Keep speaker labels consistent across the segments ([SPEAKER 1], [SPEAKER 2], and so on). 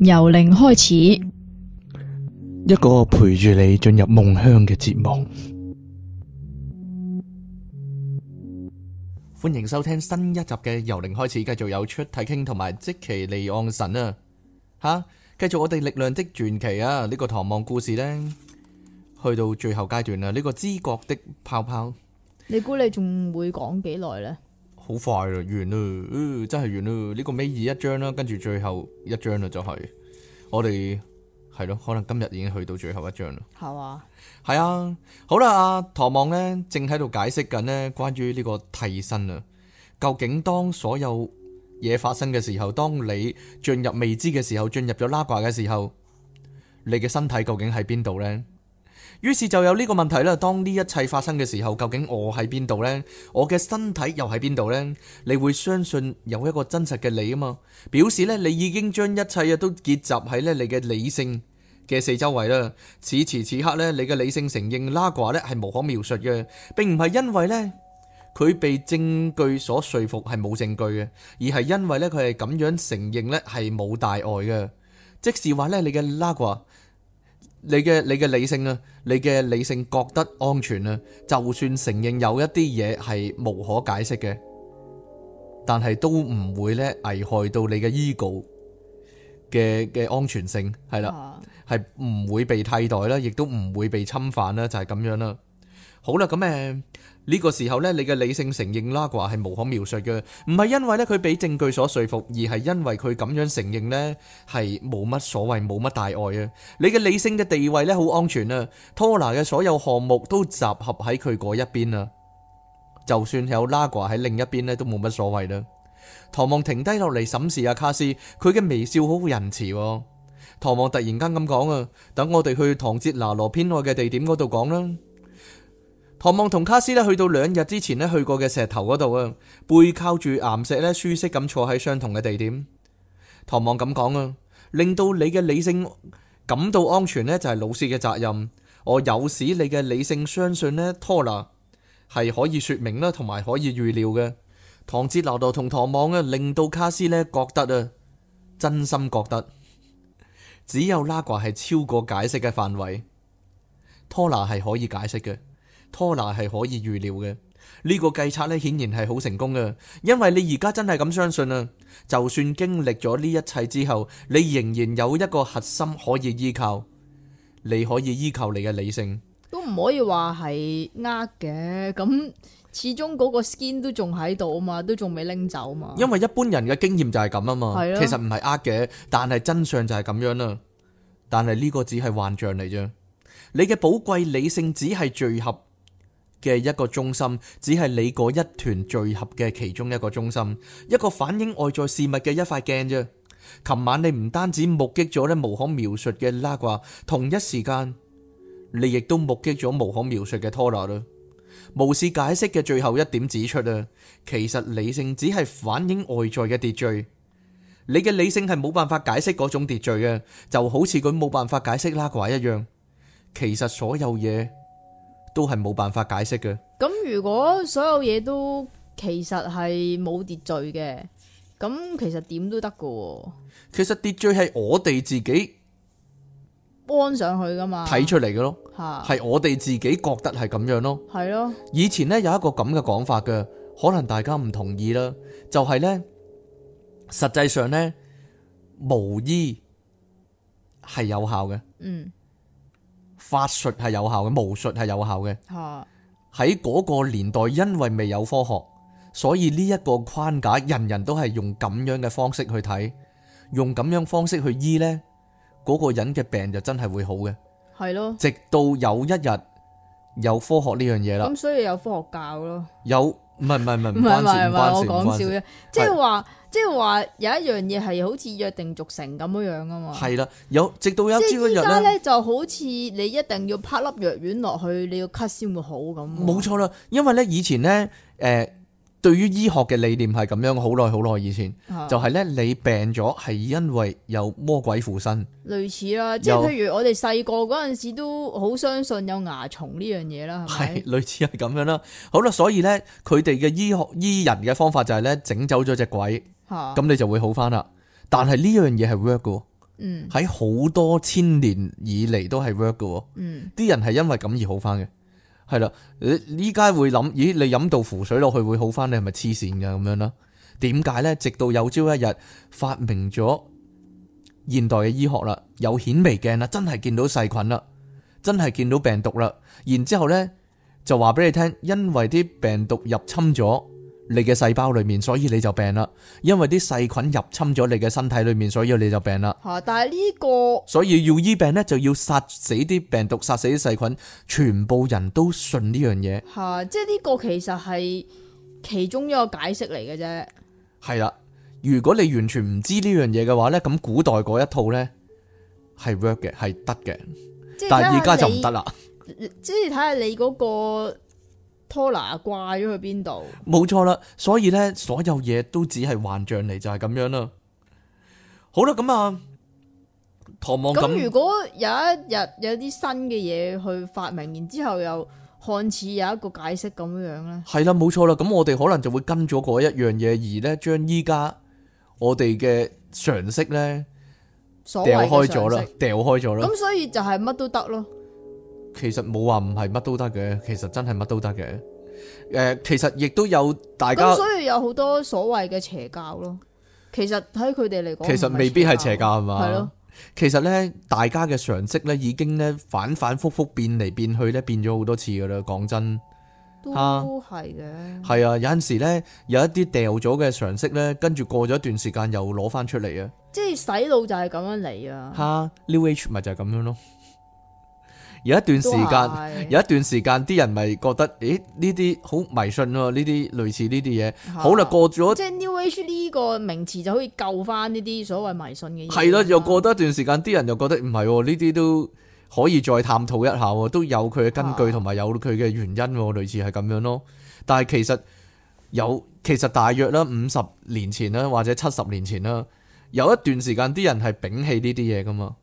[SPEAKER 1] 由零開始，
[SPEAKER 2] 一個陪住你進入夢鄉嘅節目。歡迎收聽新一集嘅由零開始，繼續有出體傾同埋積奇利安神啊！吓、啊，繼續我哋力量的傳奇啊！呢、呢個唐望故事呢，去到最後階段啦。呢、呢個知覺的泡泡，
[SPEAKER 1] 你估你仲會講幾耐呢？
[SPEAKER 2] 好快啦，完啦，呃，真係完啦。呢，這個尾二一章啦，跟住最後一章啦，就是，就係我哋係咯。可能今日已經去到最後一章啦。係嘛？係啊。好啦，阿唐望呢，正喺度解釋緊呢，關於呢個替身啊。究竟當所有嘢發生嘅時候，當你進入未知嘅時候，進入咗拉掛嘅時候，你嘅身體究竟喺邊度呢？於是就有呢個問題啦。當呢一切發生嘅時候，究竟我喺邊度呢？我嘅身體又喺邊度呢？你會相信有一個真實嘅你啊嘛？表示咧，你已經將一切啊都結集喺咧你嘅理性嘅四周圍啦。此時此刻咧，你嘅理性承認拉瓜咧係無可描述嘅。並唔係因為咧佢被證據所說服係冇證據嘅，而係因為咧佢係咁樣承認咧係冇大礙嘅。即是話咧，你嘅拉瓜。你嘅你嘅理性啊，你嘅理性覺得安全啊，就算承認有一啲嘢係無可解釋嘅，但係都唔會咧危害到你嘅 ego 嘅嘅安全性係啦，係唔會被替代啦，亦都唔會被侵犯啦，就係咁樣啦。好啦，咁誒。呢個時候呢，你嘅理性承認拉瓜係無可描述嘅，唔係因為呢，佢俾證據所說服，而係因為佢咁樣承認呢，係冇乜所謂，冇乜大礙啊！你嘅理性嘅地位呢，好安全啊！拖拿嘅所有項目都集合喺佢嗰一邊啦，就算有拉瓜喺另一邊呢，都冇乜所謂啦。唐望停低落嚟審視阿卡斯，佢嘅微笑好仁慈。唐望突然間咁講啊，等我哋去唐哲拿羅偏愛嘅地點嗰度講啦。唐望同卡斯咧去到兩日之前咧去過嘅石頭嗰度啊，背靠住岩石咧，舒適咁坐喺相同嘅地點。唐望咁講啊，令到你嘅理性感到安全呢，就係老師嘅責任。我有使你嘅理性相信呢，拖拿係可以說明啦，同埋可以預料嘅。唐哲流道同唐望啊，令到卡斯咧覺得啊，真心覺得只有拉瓜係超過解釋嘅範圍，拖拿係可以解釋嘅，拖拿係可以預料嘅，呢個計策呢，顯然係好成功嘅，因為你而家真係咁相信啊！就算經歷咗呢一切之後，你仍然有一個核心可以依靠，你可以依靠你嘅理性，
[SPEAKER 1] 都唔可以話係呃嘅。咁始終嗰個 skin 都仲喺度啊嘛，都仲未拎走嘛。
[SPEAKER 2] 因為一般人嘅經驗就係咁啊嘛，的其實唔係呃嘅，但係真相就係咁樣啦。但係呢個只係幻象嚟啫，你嘅寶貴理性只係聚合。嘅一個中心，只係你嗰一團聚合嘅其中一個中心，一個反映外在事物嘅一塊鏡啫。琴晚你唔單止目擊咗呢無可描述嘅拉掛，同一時間你亦都目擊咗無可描述嘅拖拉啦。無視解釋嘅最後一點指出啊，其實理性只係反映外在嘅秩序，你嘅理性係冇辦法解釋嗰種秩序嘅，就好似佢冇辦法解釋拉掛一樣。其實所有嘢，都係冇辦法解釋嘅。
[SPEAKER 1] 咁如果所有嘢都其實係冇秩序嘅，咁其實點都得噶。
[SPEAKER 2] 其實秩序係我哋自己
[SPEAKER 1] 搬上去噶嘛，睇出
[SPEAKER 2] 嚟嘅咯，係我哋自己覺得係咁樣咯。係咯。以前咧有一個咁嘅講法嘅，可能大家唔同意啦。就係咧，實際上咧，巫醫係有效嘅。嗯。法術係有效嘅，巫術係有效嘅。喺嗰個年代，因為未有科學，所以呢一個框架，人人都係用咁樣嘅方式去睇，用咁樣方式去醫呢，嗰個人嘅病就真係會好嘅。
[SPEAKER 1] 係咯，
[SPEAKER 2] 直到有一日有科學呢樣嘢啦。咁所
[SPEAKER 1] 以有科學教咯。
[SPEAKER 2] 有。唔係唔係唔係，唔關事唔關事，唔關事。關事，我講笑啫，即係話，
[SPEAKER 1] 即係話有一樣嘢係好似約定俗成咁樣啊嘛。係
[SPEAKER 2] 啦，有直到有朝一日咧，
[SPEAKER 1] 就好似你一定要拍粒藥丸落去，你要咳先會好咁。
[SPEAKER 2] 冇錯啦，因為咧以前咧誒。呃對於醫學嘅理念係咁樣，好耐好耐以前是就係咧，你病咗係因為有魔鬼附身。
[SPEAKER 1] 類似啦，即係譬如我哋細個嗰陣時都好相信有牙蟲呢樣嘢啦，係咪有？
[SPEAKER 2] 類似係咁樣啦。好啦，所以咧佢哋嘅醫學醫人嘅方法就係咧整走咗隻鬼，咁是你就會好返啦。但係呢樣嘢係 work 嘅、嗯、喺好多千年以嚟都係 work 嘅、嗯、啲人係因為咁而好返嘅。係啦，你依家會諗，咦？你飲到符水落去會好翻？你係咪黐線噶咁樣啦？點解呢？直到有朝一日發明咗現代嘅醫學啦，有顯微鏡啦，真係見到細菌啦，真係見到病毒啦，然之後呢就話俾你聽，因為啲病毒入侵咗。你嘅細胞裏面，所以你就病啦。因為啲細菌入侵咗你嘅身體裏面，所以你就病啦。
[SPEAKER 1] 吓、啊，但係呢個所
[SPEAKER 2] 以要醫病呢，就要殺死啲病毒，殺死啲細菌。全部人都信呢樣嘢。
[SPEAKER 1] 吓、啊，即係呢個其實係其中一個解釋嚟嘅啫。
[SPEAKER 2] 係啦，如果你完全唔知呢樣嘢嘅話呢，咁古代嗰一套呢，係 work 嘅，係得嘅。但係而家就唔得啦。
[SPEAKER 1] 即係睇下你嗰個。拖拿掛咗去邊度？
[SPEAKER 2] 冇錯啦，所以呢，所有嘢都只係幻象嚟，就係、是、咁樣啦。好啦，咁啊，唐望咁。咁如果
[SPEAKER 1] 有一日有啲新嘅嘢去發明，然之後又看似有一個解釋咁樣呢？
[SPEAKER 2] 係啦，冇錯啦。咁我哋可能就會跟咗嗰一樣嘢，而呢，將依家我哋嘅常識呢，掉開咗啦，掉開咗啦。咁所
[SPEAKER 1] 以就係乜都得咯。
[SPEAKER 2] 其實冇話唔係乜都得嘅，其實真係乜都得嘅。誒、呃，其實亦都有大家咁，所
[SPEAKER 1] 以有好多所謂嘅邪教咯。其實喺佢哋嚟講，其實未必係
[SPEAKER 2] 邪教係嘛？係咯了，其實咧，大家嘅常識咧，已經咧反反复覆變嚟變去咧，變咗好多次噶啦。講真，都係嘅。係啊，啊，有陣時咧，有一啲掉咗嘅常識咧，跟住過咗一段時間又攞翻出嚟啊。
[SPEAKER 1] 即係洗腦就係咁樣嚟啊。哈
[SPEAKER 2] ，New Age 咪就係咁樣咯。有一段時間，是有一段時間，啲人咪覺得，咦？呢啲好迷信咯，呢啲類似呢啲嘢。的好啦，過咗即係
[SPEAKER 1] New Age 呢個名詞就可以救翻呢啲所謂迷信嘅嘢。係
[SPEAKER 2] 咯，又過多一段時間，啲人又覺得唔係喎，呢啲都可以再探討一下喎，都有佢嘅根據同埋有佢嘅原因，的類似係咁樣咯。但係其實有其實大約啦，五十年前啦，或者七十年前啦，有一段時間啲人係摒棄呢啲嘢㗎嘛。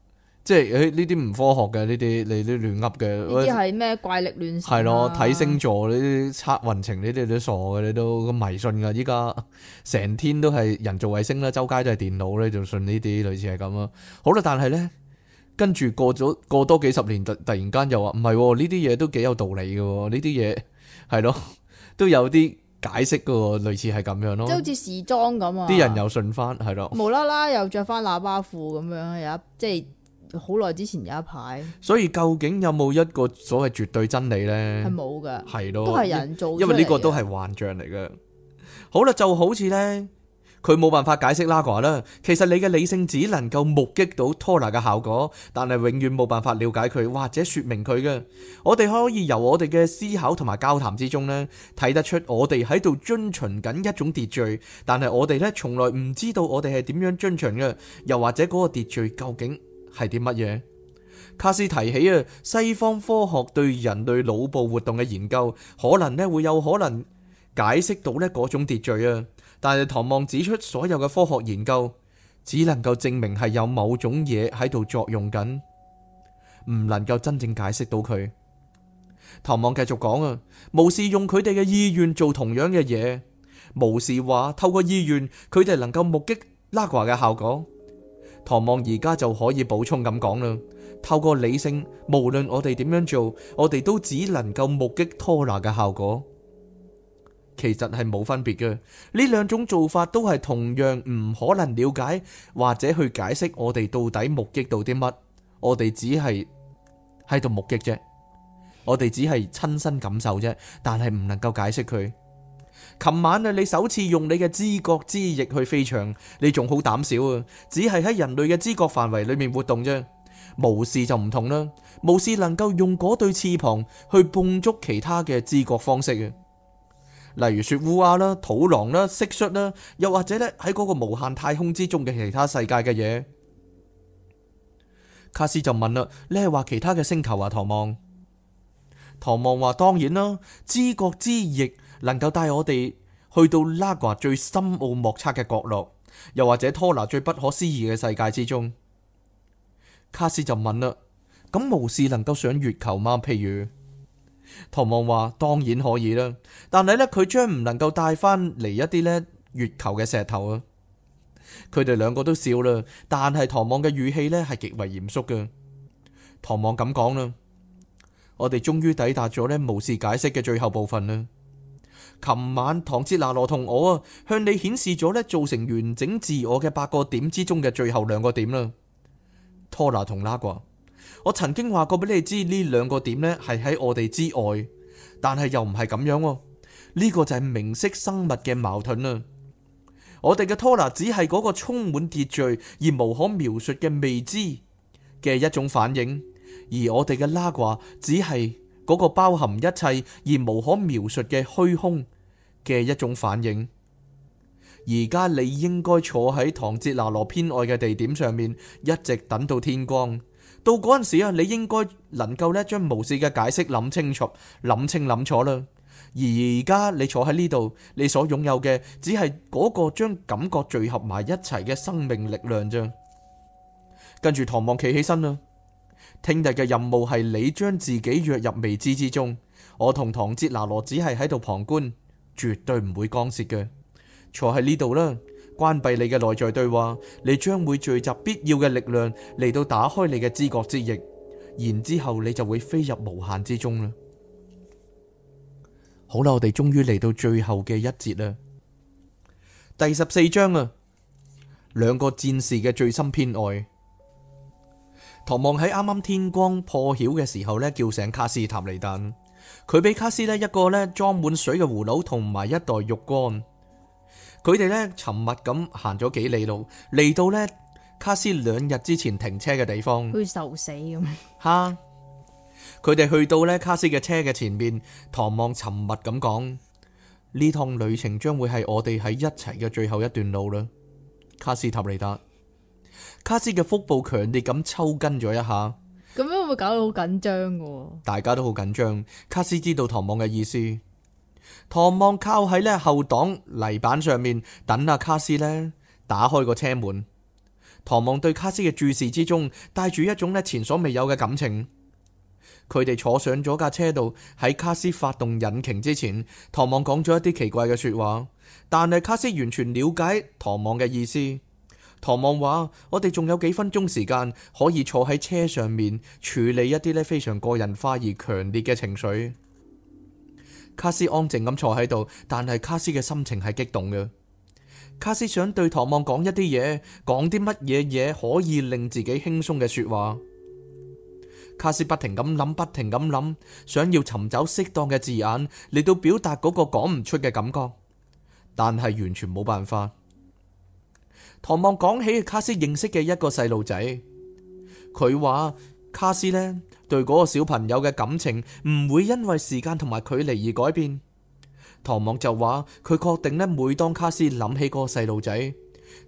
[SPEAKER 2] 即係呢啲唔科學嘅，呢啲你啲亂噏嘅。呢啲係
[SPEAKER 1] 咩怪力亂神？係咯，睇星
[SPEAKER 2] 座呢啲測運程呢啲都傻嘅，你都咁迷信㗎。依家成天都係人造衞星啦，周街都係電腦咧，就信呢啲類似係咁啊。好啦，但係咧跟住過咗過多幾十年，突突然間又話唔係呢啲嘢都幾有道理嘅喎，呢啲嘢係咯，都有啲解釋嘅喎，類似係咁樣咯。即係
[SPEAKER 1] 好似時裝咁啊！啲人
[SPEAKER 2] 又信翻係咯，無
[SPEAKER 1] 啦啦又着翻喇叭褲咁樣，有一即係。好耐之前有一排，
[SPEAKER 2] 所以究竟有冇一個所謂絕對真理呢？係冇噶，係咯的，都係人做。因為呢個都係幻象嚟嘅。好啦，就好似呢，佢冇辦法解釋拉瓜啦。其實你嘅理性只能夠目擊到托納嘅效果，但係永遠冇辦法了解佢或者說明佢嘅。我哋可以由我哋嘅思考同埋交談之中呢，睇得出我哋喺度遵循緊一種秩序，但係我哋呢，從來唔知道我哋係點樣遵循嘅，又或者嗰個秩序究竟。係啲乜嘢？卡斯提起啊，西方科學對人類腦部活動嘅研究，可能咧會有可能解釋到咧嗰種秩序啊。但係唐望指出，所有嘅科學研究只能夠證明係有某種嘢喺度作用緊，唔能夠真正解釋到佢。唐望繼續講啊，巫士用佢哋嘅意願做同樣嘅嘢，巫士話，透過意願佢哋能夠目擊拉華嘅效果。唐望而家就可以補充咁講啦，透過理性，無論我哋點樣做，我哋都只能夠目擊拖拿嘅效果，其實係冇分別嘅，呢兩種做法都係同樣唔可能了解或者去解釋我哋到底目擊到啲乜，我哋只係喺度目擊啫，我哋只係親身感受啫，但係唔能夠解釋佢。琴晚啊，你首次用你嘅知覺之翼去飛翔，你仲好膽小啊！只係喺人類嘅知覺範圍裏面活動啫。巫師就唔同啦，巫師能夠用嗰對翅膀去碰觸其他嘅知覺方式嘅，例如說烏鴉啦、土狼啦、蟋蟀啦，又或者咧喺嗰個無限太空之中嘅其他世界嘅嘢。卡斯就問啦：你係話其他嘅星球啊？唐望，唐望話：當然啦，知覺之翼。能夠帶我哋去到拉瓜最深奧莫測嘅角落，又或者拖拿最不可思議嘅世界之中。卡斯就問啦：咁巫士能夠上月球嗎？譬如唐望話：當然可以啦，但係呢，佢將唔能夠帶翻嚟一啲呢月球嘅石頭啊！佢哋兩個都笑啦，但係唐望嘅語氣呢係極為嚴肅嘅。唐望咁講啦：我哋終於抵達咗呢巫士解釋嘅最後部分啦。琴晚唐哲拿羅同我啊向你顯示咗呢，造成完整自我嘅八個點之中嘅最後兩個點啦。拖拿同拉卦，我曾經話過俾你知呢兩個點呢係喺我哋之外，但係又唔係咁樣。呢、這個就係明晰生物嘅矛盾啊！我哋嘅拖拿只係嗰個充滿秩序而無可描述嘅未知嘅一種反應，而我哋嘅拉卦只係嗰個包含一切而無可描述嘅虛空嘅一種反應。而家你應該坐喺唐哲拿羅偏愛嘅地點上面，一直等到天光。到嗰陣時啊，你應該能夠呢將無事嘅解釋諗清楚，諗清諗楚啦。而而家你坐喺呢度，你所擁有嘅只係嗰個將感覺聚合埋一齊嘅生命力量啫。跟住唐望企起身啦。聽日嘅任務係你將自己躍入未知之中，我同唐哲拿羅只係喺度旁觀。絕對唔會干涉嘅，坐喺呢度啦！關閉你嘅內在對話，你將會聚集必要嘅力量嚟到打開你嘅知覺之翼，然之後你就會飛入無限之中啦。好啦，我哋終於嚟到最後嘅一節啦，第十四章啊，兩個戰士嘅最深偏愛。唐望喺啱啱天光破曉嘅時候呢，叫醒卡斯塔尼丹。佢俾卡斯呢一個呢裝滿水嘅葫蘆同埋一袋肉乾，佢哋呢，沉默咁行咗幾里路，嚟到呢卡斯兩日之前停車嘅地方。會
[SPEAKER 1] 受死咁。
[SPEAKER 2] 吓，佢哋去到呢卡斯嘅車嘅前面，唐望沉默咁講：呢趟旅程將會係我哋喺一齊嘅最後一段路啦。卡斯塔尼達，卡斯嘅腹部強烈咁抽筋咗一下。
[SPEAKER 1] 都搞得好緊張，
[SPEAKER 2] 大家都好緊張。卡斯知道唐望嘅意思，唐望靠喺咧後擋泥板上面等阿、啊、卡斯呢，打開個車門。唐望對卡斯嘅注視之中，帶住一種咧前所未有嘅感情。佢哋坐上咗架車度，喺卡斯發動引擎之前，唐望講咗一啲奇怪嘅說話，但係卡斯完全了解唐望嘅意思。唐望話：我哋仲有幾分鐘時間可以坐喺車上面處理一啲呢非常個人化而強烈嘅情緒。卡斯安靜咁坐喺度，但係卡斯嘅心情係激動嘅。卡斯想對唐望講一啲嘢，講啲乜嘢嘢可以令自己輕鬆嘅說話。卡斯不停咁諗，不停咁諗，想要尋找適當嘅字眼嚟到表達嗰個講唔出嘅感覺，但係完全冇辦法。唐望講起卡斯認識嘅一個細路仔，佢話卡斯呢對嗰個小朋友嘅感情唔會因為時間同埋距離而改變。唐望就話佢確定呢，每當卡斯諗起嗰個細路仔，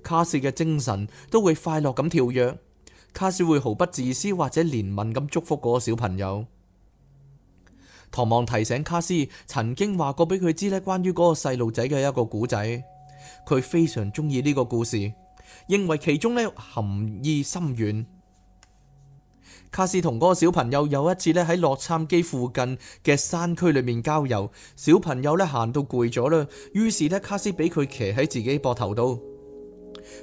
[SPEAKER 2] 卡斯嘅精神都會快樂咁跳躍，卡斯會毫不自私或者憐憫咁祝福嗰個小朋友。唐望提醒卡斯，曾經話過俾佢知呢，關於嗰個細路仔嘅一個故仔，佢非常中意呢個故事。認為其中呢含義深遠。卡斯同嗰個小朋友有一次呢喺洛杉磯附近嘅山區裏面郊遊，小朋友呢行到攰咗啦，於是呢，卡斯俾佢騎喺自己膊頭度，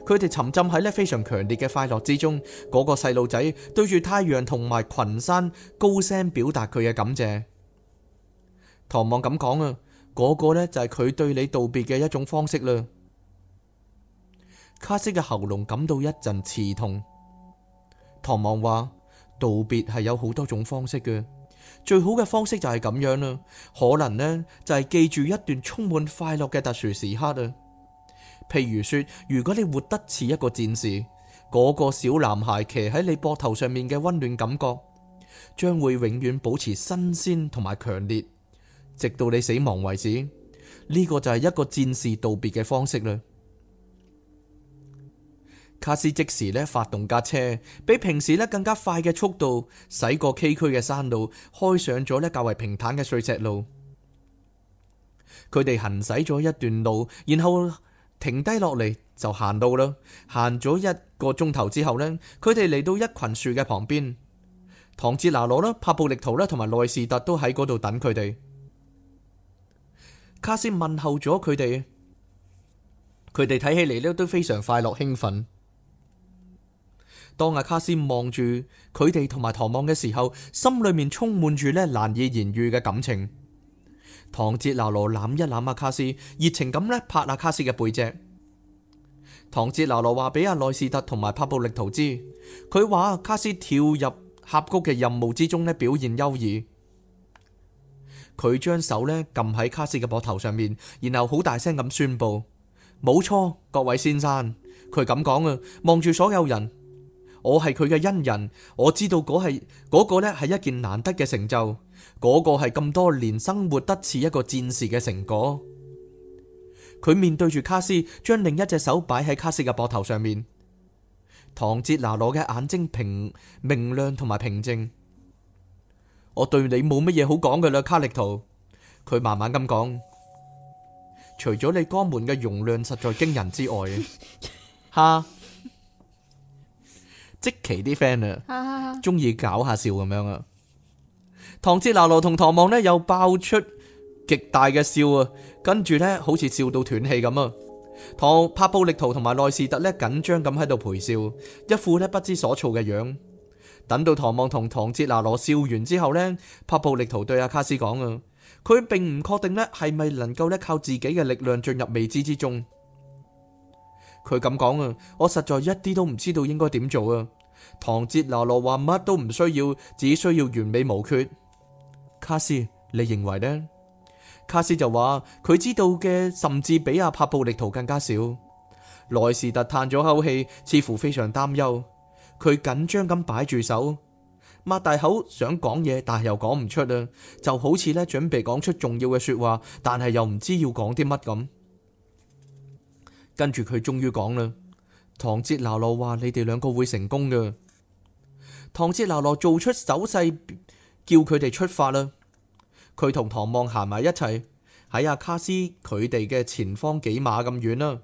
[SPEAKER 2] 佢哋沉浸喺呢非常強烈嘅快樂之中。嗰個細路仔對住太陽同埋群山高聲表達佢嘅感謝。唐望咁講啊，嗰個呢就係佢對你道別嘅一種方式啦。卡色嘅喉嚨感到一陣刺痛。唐望話：道別係有好多種方式嘅，最好嘅方式就係咁樣啦。可能呢就係記住一段充滿快樂嘅特殊時刻啊。譬如說，如果你活得似一個戰士，嗰、那個小男孩騎喺你膊頭上面嘅溫暖感覺，將會永遠保持新鮮同埋強烈，直到你死亡為止。呢、這個就係一個戰士道別嘅方式啦。卡斯即時咧發動架車，比平時咧更加快嘅速度，駛過崎嶇嘅山路，開上咗咧較為平坦嘅碎石路。佢哋行駛咗一段路，然後停低落嚟就行路啦。行咗一個鐘頭之後呢，佢哋嚟到一群樹嘅旁邊。唐哲拿羅啦、帕布力圖啦同埋內士特都喺嗰度等佢哋。卡斯問候咗佢哋，佢哋睇起嚟咧都非常快樂興奮。當阿卡斯望住佢哋同埋唐望嘅時候，心裏面充滿住呢難以言喻嘅感情。唐哲拿羅攬一攬阿卡斯，熱情咁呢拍阿卡斯嘅背脊。唐哲拿羅話俾阿內斯特同埋帕布力圖知，佢話卡斯跳入峽谷嘅任務之中呢表現優異。佢將手呢撳喺卡斯嘅膊頭上面，然後好大聲咁宣布：冇錯，各位先生，佢咁講啊，望住所有人。我係佢嘅恩人，我知道嗰係嗰個咧係一件難得嘅成就，嗰個係咁多年生活得似一個戰士嘅成果。佢面對住卡斯，將另一隻手擺喺卡斯嘅膊頭上面。唐哲拿攞嘅眼睛平明亮同埋平靜。我對你冇乜嘢好講嘅啦，卡力圖。佢慢慢咁講，除咗你肛門嘅容量實在驚人之外，吓。即其啲 friend 啊，中意搞下笑咁樣啊！樣，唐哲拿羅同唐望呢又爆出極大嘅笑啊，跟住呢好似笑到斷氣咁啊！唐柏布力圖同埋內士特呢緊張咁喺度陪笑，一副呢不知所措嘅樣。等到唐望同唐哲拿羅笑完之後呢，柏布力圖對阿卡斯講啊，佢並唔確定呢係咪能夠呢靠自己嘅力量進入未知之中。佢咁講啊，我實在一啲都唔知道應該點做啊。唐哲娜羅話乜都唔需要，只需要完美無缺。卡斯，你認為呢？卡斯就話佢知道嘅甚至比阿帕布力圖更加少。萊士特嘆咗口氣，似乎非常擔憂。佢緊張咁擺住手，擘大口想講嘢，但係又講唔出啊，就好似咧準備講出重要嘅說話，但係又唔知要講啲乜咁。跟住佢終於講啦，唐哲拿羅話：你哋兩個會成功㗎。唐哲拿羅做出手勢，叫佢哋出發啦。佢同唐望行埋一齊，喺阿卡斯佢哋嘅前方幾碼咁遠啦。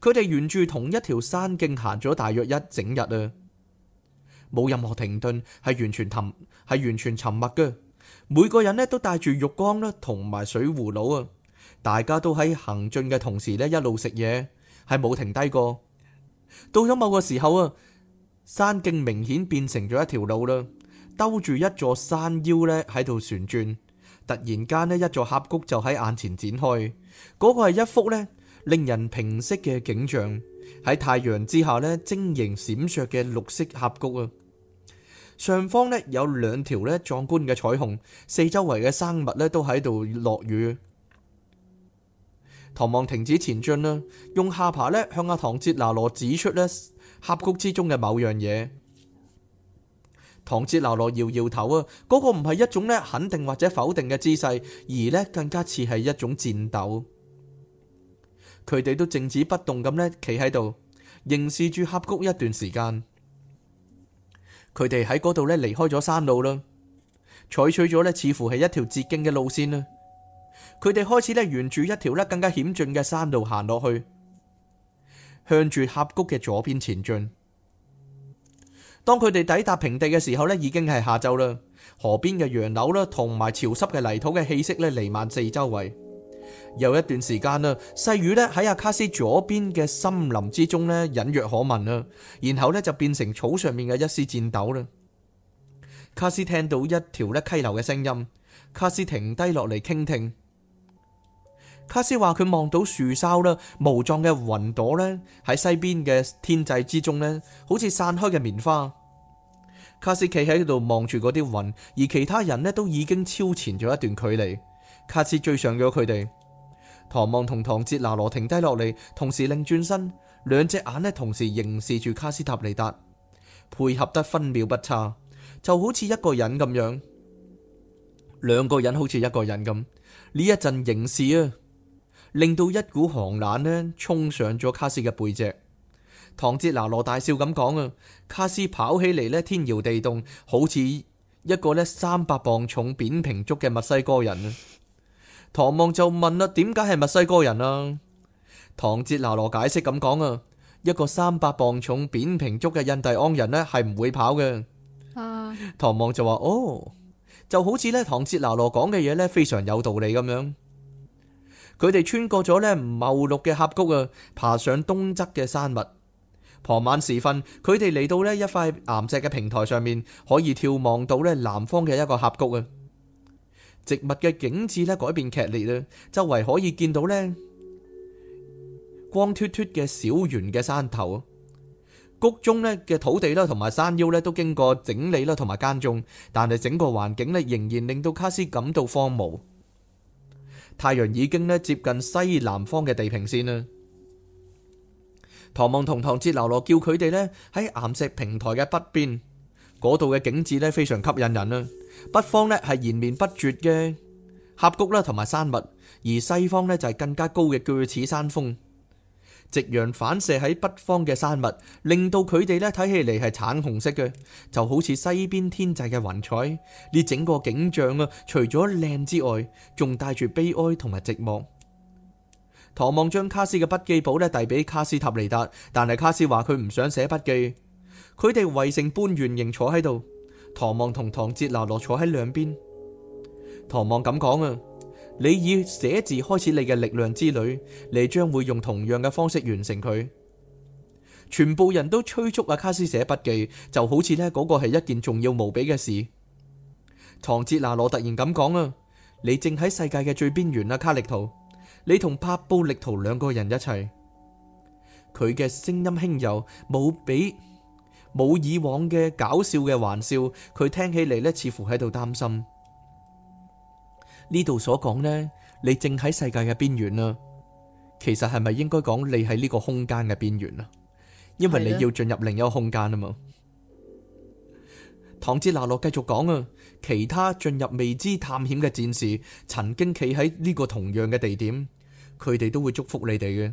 [SPEAKER 2] 佢哋沿住同一條山徑行咗大約一整日啊，冇任何停頓，係完全沉，係完全沉默嘅。每個人呢都帶住浴缸啦，同埋水葫蘆啊，大家都喺行進嘅同時呢一路食嘢。係冇停低過，到咗某個時候啊，山徑明顯變成咗一條路啦，兜住一座山腰咧喺度旋轉。突然間咧，一座峽谷就喺眼前展開。嗰個係一幅咧令人平息嘅景象，喺太陽之下咧晶瑩閃爍嘅綠色峽谷啊，上方咧有兩條咧壯觀嘅彩虹，四周圍嘅生物咧都喺度落雨。唐望停止前進啦，用下巴咧向阿唐哲拿羅指出咧峽谷之中嘅某樣嘢。唐哲拿羅搖搖頭啊，嗰、那個唔係一種咧肯定或者否定嘅姿勢，而咧更加似係一種戰鬥。佢哋都靜止不動咁咧，企喺度凝視住峽谷一段時間。佢哋喺嗰度咧離開咗山路啦，採取咗咧似乎係一條捷徑嘅路線啦。佢哋開始咧沿住一條咧更加險峻嘅山路行落去，向住峽谷嘅左邊前進。當佢哋抵達平地嘅時候咧，已經係下晝啦。河邊嘅楊柳啦，同埋潮濕嘅泥土嘅氣息咧，瀰漫四周圍。有一段時間啦，細雨咧喺阿卡斯左邊嘅森林之中咧隱約可聞啦，然後咧就變成草上面嘅一絲顫抖啦。卡斯聽到一條咧溪流嘅聲音，卡斯停低落嚟傾聽。卡斯話佢望到樹梢啦，霧狀嘅雲朵呢，喺西邊嘅天際之中呢，好似散開嘅棉花。卡斯企喺度望住嗰啲雲，而其他人呢，都已經超前咗一段距離。卡斯追上咗佢哋。唐望同唐哲拿羅停低落嚟，同時擰轉身，兩隻眼呢同時凝視住卡斯塔尼達，配合得分秒不差，就好似一個人咁樣，兩個人好似一個人咁呢一陣凝視啊！令到一股寒冷呢衝上咗卡斯嘅背脊。唐哲拿羅大笑咁講啊，卡斯跑起嚟呢，天搖地動，好似一個呢三百磅重扁平足嘅墨西哥人啊。唐望就問啦，點解係墨西哥人啊？唐哲拿羅解釋咁講啊，一個三百磅重扁平足嘅印第安人呢係唔會跑嘅。啊，唐望就話哦，就好似呢唐哲拿羅講嘅嘢呢，非常有道理咁樣。佢哋穿過咗呢茂綠嘅峽谷啊，爬上東側嘅山脈。傍晚時分，佢哋嚟到呢一塊岩石嘅平台上面，可以眺望到呢南方嘅一個峽谷啊。植物嘅景致呢改變劇烈啊，周圍可以見到呢光禿禿嘅小圓嘅山頭。谷中呢嘅土地啦，同埋山腰呢都經過整理啦，同埋耕種，但係整個環境呢仍然令到卡斯感到荒蕪。太陽已經咧接近西南方嘅地平線啦。唐望同唐哲流羅叫佢哋咧喺岩石平台嘅北邊嗰度嘅景致咧非常吸引人啦。北方咧係延綿不絕嘅峽谷啦同埋山脈，而西方咧就係更加高嘅鋸齒山峰。夕陽反射喺北方嘅山脈，令到佢哋咧睇起嚟係橙紅色嘅，就好似西邊天際嘅雲彩。呢整個景象啊，除咗靚之外，仲帶住悲哀同埋寂寞。唐望將卡斯嘅筆記簿咧遞俾卡斯塔尼達，但係卡斯話佢唔想寫筆記。佢哋圍成半圓形坐喺度，唐望同唐哲拿羅坐喺兩邊。唐望咁講啊。你以寫字開始你嘅力量之旅，你將會用同樣嘅方式完成佢。全部人都催促阿、啊、卡斯寫筆記，就好似呢嗰、那個係一件重要無比嘅事。唐哲那羅突然咁講啊，你正喺世界嘅最邊緣啦、啊，卡力圖，你同帕布力圖兩個人一齊。佢嘅聲音輕柔，冇比冇以往嘅搞笑嘅玩笑，佢聽起嚟呢，似乎喺度擔心。呢度所講呢，你正喺世界嘅邊緣啊。其實係咪應該講你喺呢個空間嘅邊緣啊？
[SPEAKER 1] 因為你要
[SPEAKER 2] 進入另一個空間啊嘛。的唐之娜洛繼續講啊，其他進入未知探險嘅戰士曾經企喺呢個同樣嘅地點，佢哋都會祝福你哋嘅。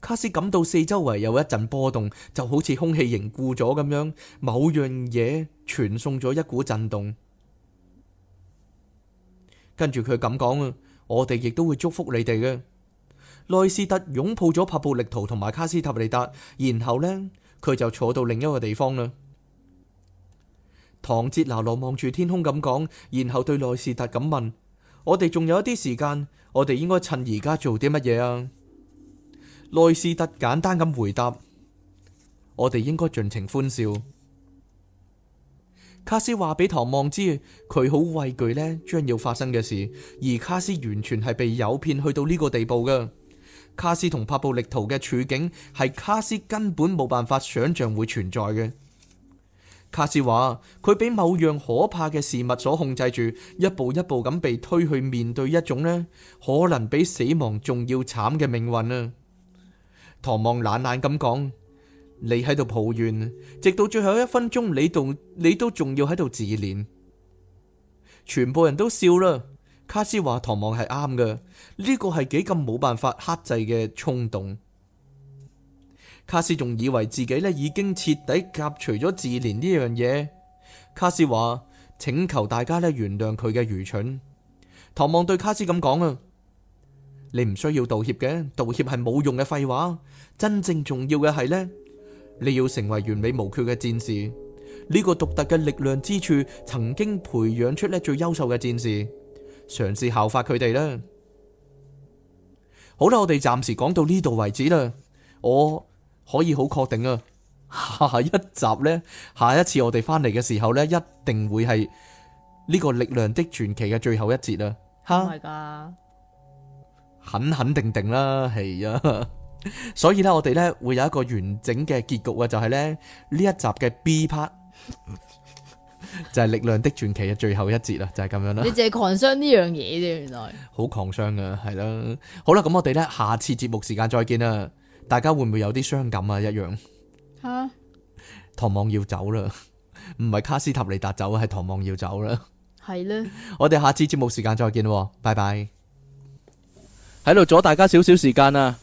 [SPEAKER 2] 卡斯感到四周圍有一陣波動，就好似空氣凝固咗咁樣，某樣嘢傳送咗一股震動。跟住佢咁講啊，我哋亦都會祝福你哋嘅。內斯特擁抱咗帕布力圖同埋卡斯塔利達，然後呢，佢就坐到另一個地方啦。唐哲拿羅望住天空咁講，然後對內斯特咁問：我哋仲有一啲時間，我哋應該趁而家做啲乜嘢啊？內斯特簡單咁回答：我哋應該盡情歡笑。卡斯話俾唐望知，佢好畏懼咧將要發生嘅事，而卡斯完全係被誘騙去到呢個地步㗎。卡斯同帕布力圖嘅處境係卡斯根本冇辦法想象會存在嘅。卡斯話佢俾某樣可怕嘅事物所控制住，一步一步咁被推去面對一種咧可能比死亡仲要慘嘅命運啊！唐望懶懶咁講。你喺度抱怨，直到最後一分鐘，你仲你都仲要喺度自憐，全部人都笑啦。卡斯話唐望係啱嘅，呢個係幾咁冇辦法克制嘅衝動。卡斯仲以為自己呢已經徹底夾除咗自憐呢樣嘢。卡斯話請求大家呢，原諒佢嘅愚蠢。唐望對卡斯咁講啊，你唔需要道歉嘅，道歉係冇用嘅廢話。真正重要嘅係呢。」你要成為完美無缺嘅戰士，呢、這個獨特嘅力量之處曾經培養出呢，最優秀嘅戰士，嘗試效法佢哋啦。好啦，我哋暫時講到呢度為止啦。我可以好確定啊，下一集呢，下一次我哋翻嚟嘅時候呢，一定會係呢個力量的傳奇嘅最後一節啦。
[SPEAKER 1] 吓，係噶，
[SPEAKER 2] 肯肯定定啦，係啊。所以咧，我哋咧會有一個完整嘅結局啊。就係咧呢一集嘅 B part 就係力量的傳奇嘅最後一節啦，就係、是、咁樣啦。你淨係
[SPEAKER 1] 狂傷呢樣嘢啫，原來
[SPEAKER 2] 好狂傷啊，係啦。好啦，咁我哋咧下次節目時間再見啦。大家會唔會有啲傷感啊？一樣吓，唐哈望要走啦，唔 係卡斯塔尼達走啊，係唐望要走啦，
[SPEAKER 1] 係咧呢。
[SPEAKER 2] 我哋下次節目時間再見，拜拜。喺度阻大家少少時間啊。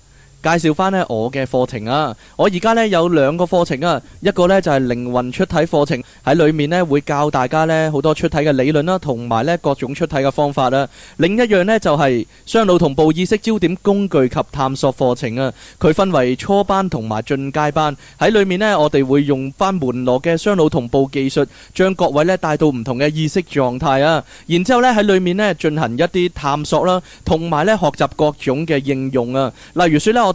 [SPEAKER 2] 介紹翻呢我嘅課程啊！我而家呢有兩個課程啊，一個呢就係靈魂出體課程，喺裡面呢會教大家呢好多出體嘅理論啦，同埋呢各種出體嘅方法啦。另一樣呢就係雙腦同步意識焦點工具及探索課程啊。佢分為初班同埋進階班，喺裡面呢我哋會用翻門羅嘅雙腦同步技術，將各位呢帶到唔同嘅意識狀態啊。然之後呢喺裡面呢進行一啲探索啦，同埋呢學習各種嘅應用啊。例如説呢我。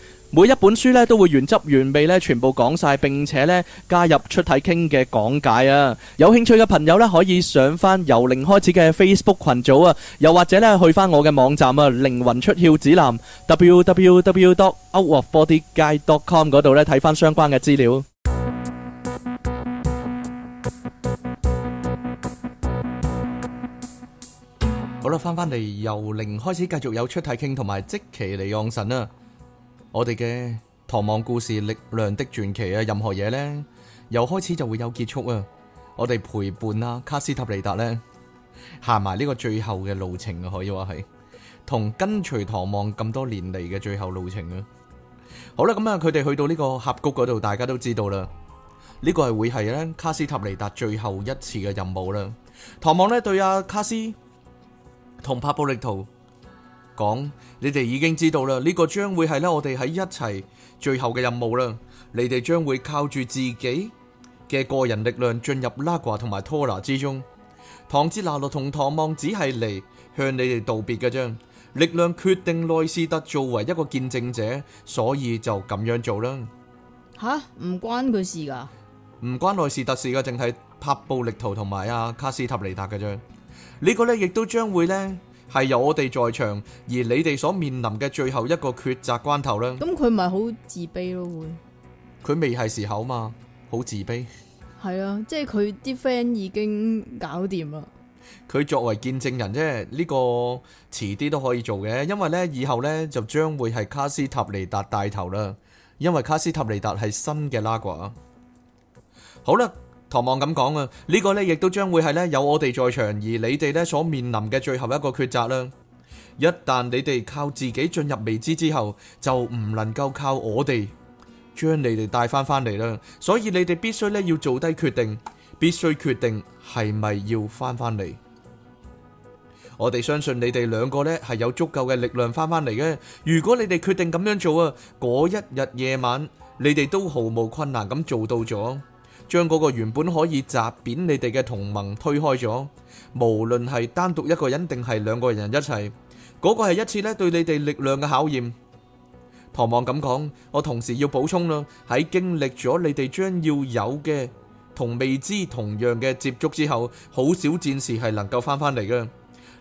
[SPEAKER 2] 每一本書咧都會原汁原味咧全部講晒，並且咧加入出體傾嘅講解啊！有興趣嘅朋友咧可以上翻由零開始嘅 Facebook 群組啊，又或者咧去翻我嘅網站啊靈魂出竅指南 www.outofbodyguide.com 嗰度咧睇翻相關嘅資料。好啦，翻翻嚟由零開始，繼續有出體傾同埋即期嚟用神啊！我哋嘅《唐望故事》力量的傳奇啊，任何嘢咧，由開始就會有結束啊！我哋陪伴啊，卡斯塔尼達咧，行埋呢個最後嘅路程啊，可以話係同跟隨唐望咁多年嚟嘅最後路程啊！好啦，咁啊，佢哋去到呢個峽谷嗰度，大家都知道啦，呢、這個係會係咧卡斯塔尼達最後一次嘅任務啦。唐望呢對阿卡斯同帕布力圖。講，你哋已經知道啦，呢、這個將會係咧我哋喺一齊最後嘅任務啦。你哋將會靠住自己嘅個人力量進入拉瓜同埋托拉之中。唐治拿洛同唐望只係嚟向你哋道別嘅啫。力量決定內斯特作為一個見證者，所以就咁樣做啦。
[SPEAKER 1] 吓，唔關佢事噶，
[SPEAKER 2] 唔關內斯特事噶，淨係帕布力圖同埋阿卡斯塔尼達嘅啫。這個、呢個咧亦都將會咧。係由我哋在場，而你哋所面臨嘅最後一個抉擇關頭啦。咁
[SPEAKER 1] 佢咪好自卑咯？會
[SPEAKER 2] 佢未係時候嘛？好自卑。
[SPEAKER 1] 係啊，即係佢啲 friend 已經搞掂啦。
[SPEAKER 2] 佢作為見證人啫，呢個遲啲都可以做嘅，因為呢以後呢就將會係卡斯塔尼達帶頭啦，因為卡斯塔尼達係新嘅拉瓜。好啦。唐望咁講啊，呢個呢亦都將會係呢有我哋在場，而你哋呢所面臨嘅最後一個抉擇啦。一旦你哋靠自己進入未知之後，就唔能夠靠我哋將你哋帶翻翻嚟，啦。所以你哋必須呢要做低決定，必須決定係咪要翻翻嚟。我哋相信你哋兩個呢係有足夠嘅力量翻翻嚟嘅。如果你哋決定咁樣做啊，嗰一日夜晚你哋都毫無困難咁做到咗。將嗰個原本可以砸扁你哋嘅同盟推開咗，無論係單獨一個人定係兩個人一齊，嗰、那個係一次咧，對你哋力量嘅考驗。唐望咁講，我同時要補充啦，喺經歷咗你哋將要有嘅同未知同樣嘅接觸之後，好少戰士係能夠翻返嚟嘅。呢、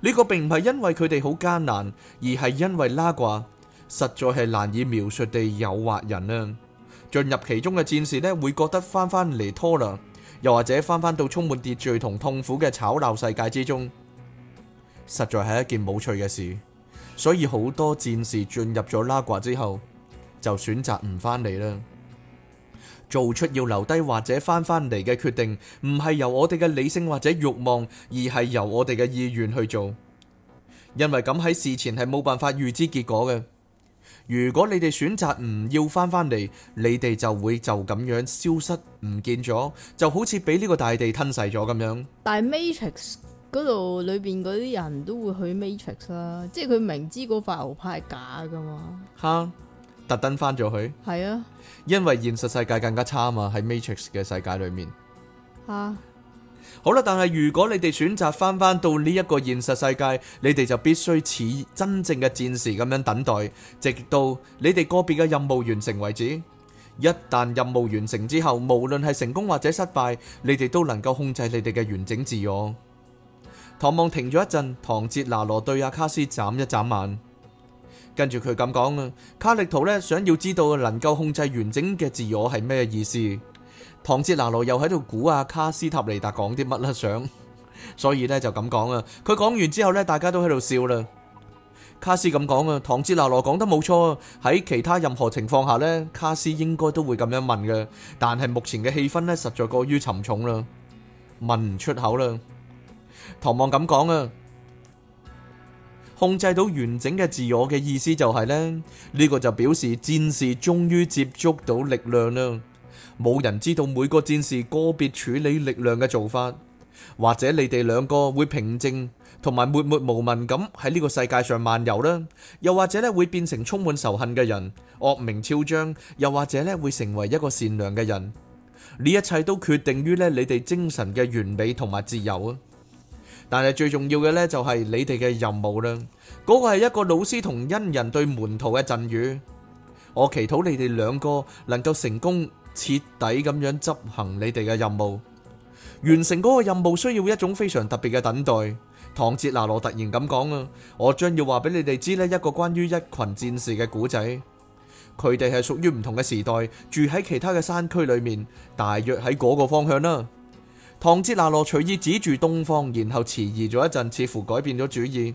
[SPEAKER 2] 這個並唔係因為佢哋好艱難，而係因為拉掛實在係難以描述地誘惑人啊！進入其中嘅戰士呢，會覺得翻返嚟拖啦，又或者翻返到充滿秩序同痛苦嘅吵鬧世界之中，實在係一件冇趣嘅事。所以好多戰士進入咗拉瓜之後，就選擇唔返嚟啦。做出要留低或者翻返嚟嘅決定，唔係由我哋嘅理性或者欲望，而係由我哋嘅意願去做。因為咁喺事前係冇辦法預知結果嘅。如果你哋選擇唔要翻翻嚟，你哋就會就咁樣消失唔見咗，就好似俾呢個大地吞噬咗咁樣。
[SPEAKER 1] 但係 Matrix 嗰度裏邊嗰啲人都會去 Matrix 啦，即係佢明知嗰塊牛扒係假噶嘛。
[SPEAKER 2] 吓，特登翻咗去？係啊，因為現實世界更加差嘛，喺 Matrix 嘅世界裏面。吓。好啦，但係如果你哋選擇翻返到呢一個現實世界，你哋就必須似真正嘅戰士咁樣等待，直到你哋個別嘅任務完成為止。一旦任務完成之後，無論係成功或者失敗，你哋都能夠控制你哋嘅完整自我。唐望停咗一陣，唐哲拿羅對阿卡斯眨一眨眼，跟住佢咁講啦：卡力圖呢想要知道能夠控制完整嘅自我係咩意思。唐哲拿羅又喺度估啊，卡斯塔尼達講啲乜啦？想，所以咧就咁講啊。佢講完之後咧，大家都喺度笑啦。卡斯咁講啊，唐哲拿羅講得冇錯，喺其他任何情況下咧，卡斯應該都會咁樣問嘅。但係目前嘅氣氛咧實在過於沉重啦，問唔出口啦。唐望咁講啊，控制到完整嘅自我嘅意思就係咧，呢個就表示戰士終於接觸到力量啦。冇人知道每個戰士個別處理力量嘅做法，或者你哋兩個會平靜同埋默默無聞咁喺呢個世界上漫遊啦，又或者咧會變成充滿仇恨嘅人，惡名昭彰，又或者咧會成為一個善良嘅人，呢一切都決定於咧你哋精神嘅完美同埋自由啊！但係最重要嘅咧就係你哋嘅任務啦，嗰個係一個老師同恩人對門徒嘅贈語。我祈禱你哋兩個能夠成功。徹底咁樣執行你哋嘅任務，完成嗰個任務需要一種非常特別嘅等待。唐哲拿羅突然咁講啊，我將要話俾你哋知呢一個關於一群戰士嘅古仔。佢哋係屬於唔同嘅時代，住喺其他嘅山區裏面，大約喺嗰個方向啦。唐哲拿羅隨意指住東方，然後遲疑咗一陣，似乎改變咗主意，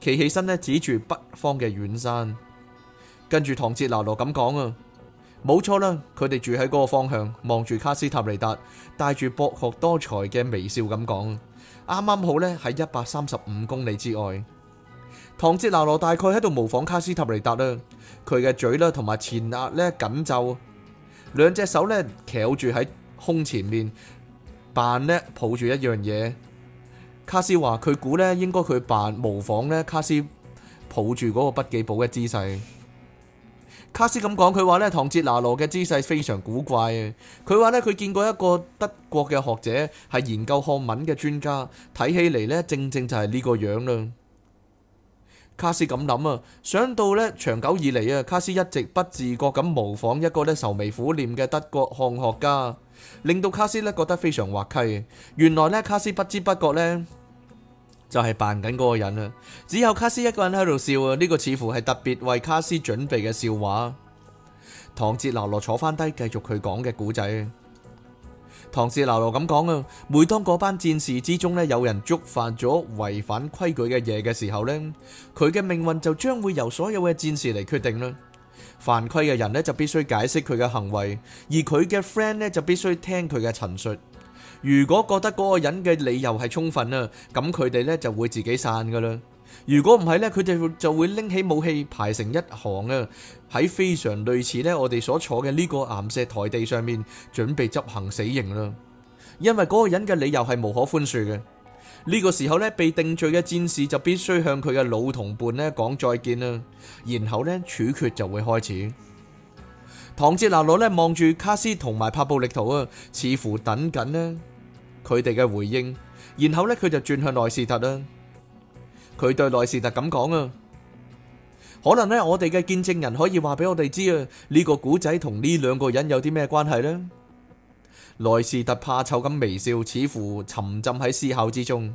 [SPEAKER 2] 企起身咧指住北方嘅遠山，跟住唐哲拿羅咁講啊。冇錯啦，佢哋住喺嗰個方向，望住卡斯塔尼達，帶住博學多才嘅微笑咁講，啱啱好呢，喺一百三十五公里之外。唐哲拿羅大概喺度模仿卡斯塔尼達啦，佢嘅嘴啦同埋前額呢，緊皺，兩隻手呢，翹住喺胸前面，扮呢，抱住一樣嘢。卡斯話佢估呢，應該佢扮模仿呢，卡斯抱住嗰個筆記簿嘅姿勢。卡斯咁講，佢話呢，唐哲拿羅嘅姿勢非常古怪啊！佢話呢，佢見過一個德國嘅學者係研究漢文嘅專家，睇起嚟呢，正正就係呢個樣啦。卡斯咁諗啊，想到呢，長久以嚟啊，卡斯一直不自覺咁模仿一個呢，愁眉苦臉嘅德國漢學家，令到卡斯呢覺得非常滑稽。原來呢，卡斯不知不覺呢。就係扮緊嗰個人啊！只有卡斯一個人喺度笑啊！呢個似乎係特別為卡斯準備嘅笑話。唐哲流落坐翻低，繼續佢講嘅古仔。唐哲流落咁講啊！每當嗰班戰士之中咧有人觸犯咗違反規矩嘅嘢嘅時候呢，佢嘅命運就將會由所有嘅戰士嚟決定啦。犯規嘅人呢，就必須解釋佢嘅行為，而佢嘅 friend 呢，就必須聽佢嘅陳述。如果覺得嗰個人嘅理由係充分啦，咁佢哋呢就會自己散噶啦。如果唔係呢，佢哋就會拎起武器排成一行啊，喺非常類似呢我哋所坐嘅呢個岩石台地上面準備執行死刑啦。因為嗰個人嘅理由係無可寬恕嘅。呢個時候呢，被定罪嘅戰士就必須向佢嘅老同伴呢講再見啦，然後呢處決就會開始。唐哲娜羅呢望住卡斯同埋帕布力圖啊，似乎等緊呢，佢哋嘅回應，然後呢，佢就轉向內士特啦。佢對內士特咁講啊，可能呢，我哋嘅見證人可以話俾我哋知啊，呢個古仔同呢兩個人有啲咩關係呢？內士特怕醜咁微笑，似乎沉浸喺思考之中。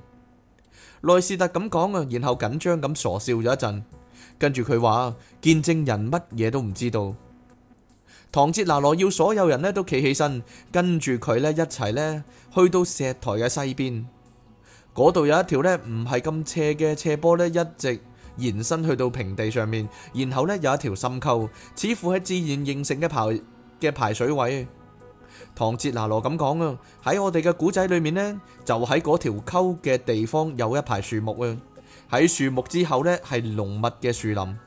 [SPEAKER 2] 內士特咁講啊，然後緊張咁傻笑咗一陣，跟住佢話見證人乜嘢都唔知道。唐哲拿羅要所有人呢都企起身，跟住佢呢一齊呢去到石台嘅西邊，嗰度有一條呢唔係咁斜嘅斜坡呢一直延伸去到平地上面，然後呢有一條深溝，似乎係自然形成嘅排嘅排水位。唐哲拿羅咁講啊，喺我哋嘅古仔裏面呢，就喺嗰條溝嘅地方有一排樹木啊，喺樹木之後呢，係濃密嘅樹林。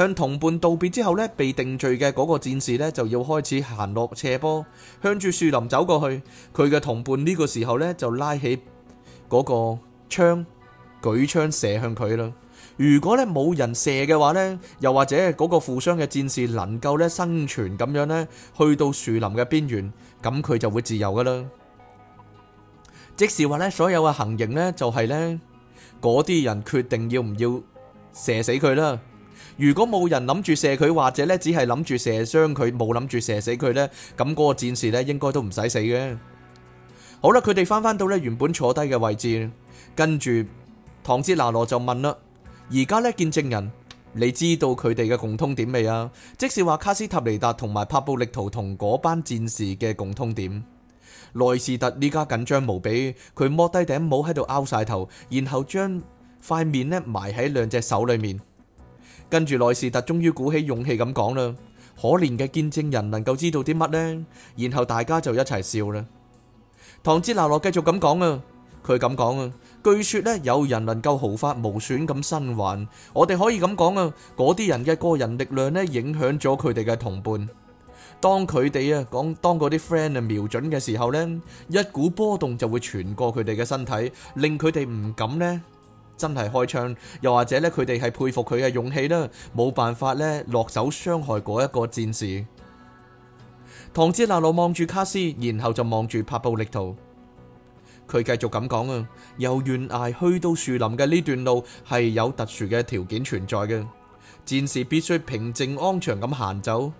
[SPEAKER 2] 向同伴道別之後呢，被定罪嘅嗰個戰士呢，就要開始行落斜坡，向住樹林走過去。佢嘅同伴呢個時候呢，就拉起嗰個槍，舉槍射向佢啦。如果呢冇人射嘅話呢，又或者嗰個負傷嘅戰士能夠呢生存咁樣呢，去到樹林嘅邊緣，咁佢就會自由噶啦。即是話呢，所有嘅行刑呢，就是，就係呢嗰啲人決定要唔要射死佢啦。如果冇人諗住射佢，或者咧只係諗住射傷佢，冇諗住射死佢呢，咁嗰個戰士呢應該都唔使死嘅。好啦，佢哋返返到呢原本坐低嘅位置，跟住唐之拿羅就問啦：而家呢見證人，你知道佢哋嘅共通點未啊？即是話卡斯塔尼達同埋帕布力圖同嗰班戰士嘅共通點。內士特呢家緊張無比，佢摸低頂帽喺度拗晒頭，然後將塊面呢埋喺兩隻手裏面。跟住內斯特終於鼓起勇氣咁講啦，可憐嘅見證人能夠知道啲乜咧？然後大家就一齊笑啦。唐茲納洛繼續咁講啊，佢咁講啊，據說咧有人能夠毫髮無損咁生還，我哋可以咁講啊，嗰啲人嘅個人力量咧影響咗佢哋嘅同伴。當佢哋啊講，當嗰啲 friend 啊瞄準嘅時候咧，一股波動就會傳過佢哋嘅身體，令佢哋唔敢咧。真係開槍，又或者咧，佢哋係佩服佢嘅勇氣啦。冇辦法咧，落手傷害嗰一個戰士。唐之拿羅望住卡斯，然後就望住帕布力圖。佢繼續咁講啊，由懸崖去到樹林嘅呢段路係有特殊嘅條件存在嘅，戰士必須平靜安詳咁行走。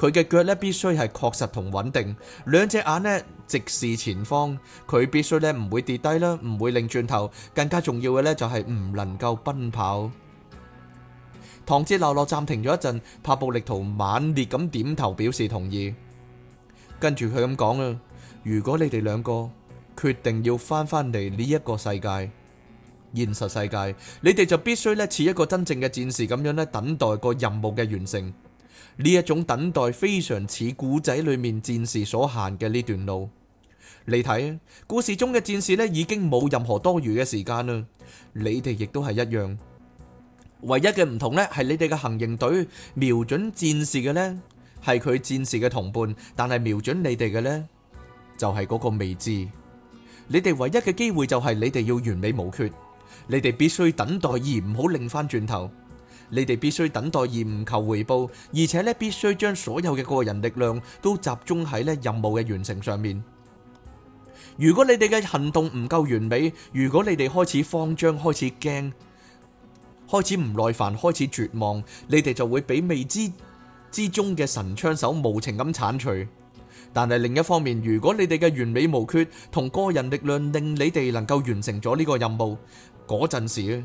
[SPEAKER 2] 佢嘅腳咧必須係確實同穩定，兩隻眼咧直視前方，佢必須咧唔會跌低啦，唔會擰轉頭，更加重要嘅咧，就係唔能夠奔跑。唐哲流落暫停咗一陣，帕布力圖猛烈咁點頭表示同意，跟住佢咁講啊：如果你哋兩個決定要翻返嚟呢一個世界，現實世界，你哋就必須咧似一個真正嘅戰士咁樣咧等待個任務嘅完成。呢一種等待非常似古仔裏面戰士所行嘅呢段路。你睇，故事中嘅戰士咧已經冇任何多餘嘅時間啦。你哋亦都係一樣。唯一嘅唔同呢，係你哋嘅行刑隊瞄準戰士嘅呢，係佢戰士嘅同伴，但係瞄準你哋嘅呢，就係嗰個未知。你哋唯一嘅機會就係你哋要完美無缺。你哋必須等待而唔好擰翻轉頭。你哋必須等待而唔求回報，而且咧必須將所有嘅個人力量都集中喺咧任務嘅完成上面。如果你哋嘅行動唔夠完美，如果你哋開始慌張、開始驚、開始唔耐煩、開始絕望，你哋就會俾未知之中嘅神槍手無情咁鏟除。但係另一方面，如果你哋嘅完美無缺同個人力量令你哋能夠完成咗呢個任務，嗰陣時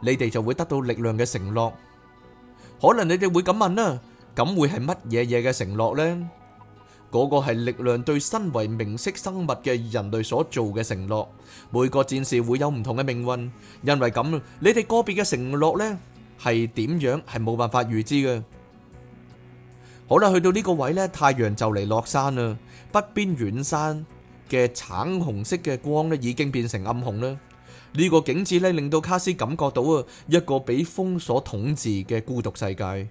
[SPEAKER 2] 你哋就會得到力量嘅承諾，可能你哋會咁問啦，咁會係乜嘢嘢嘅承諾呢？嗰個係力量對身為明識生物嘅人類所做嘅承諾。每個戰士會有唔同嘅命運，因為咁，你哋個別嘅承諾呢係點樣？係冇辦法預知嘅。好啦，去到呢個位呢，太陽就嚟落山啦，北邊遠山嘅橙紅色嘅光呢已經變成暗紅啦。呢個景致咧，令到卡斯感覺到啊，一個被封鎖統治嘅孤獨世界。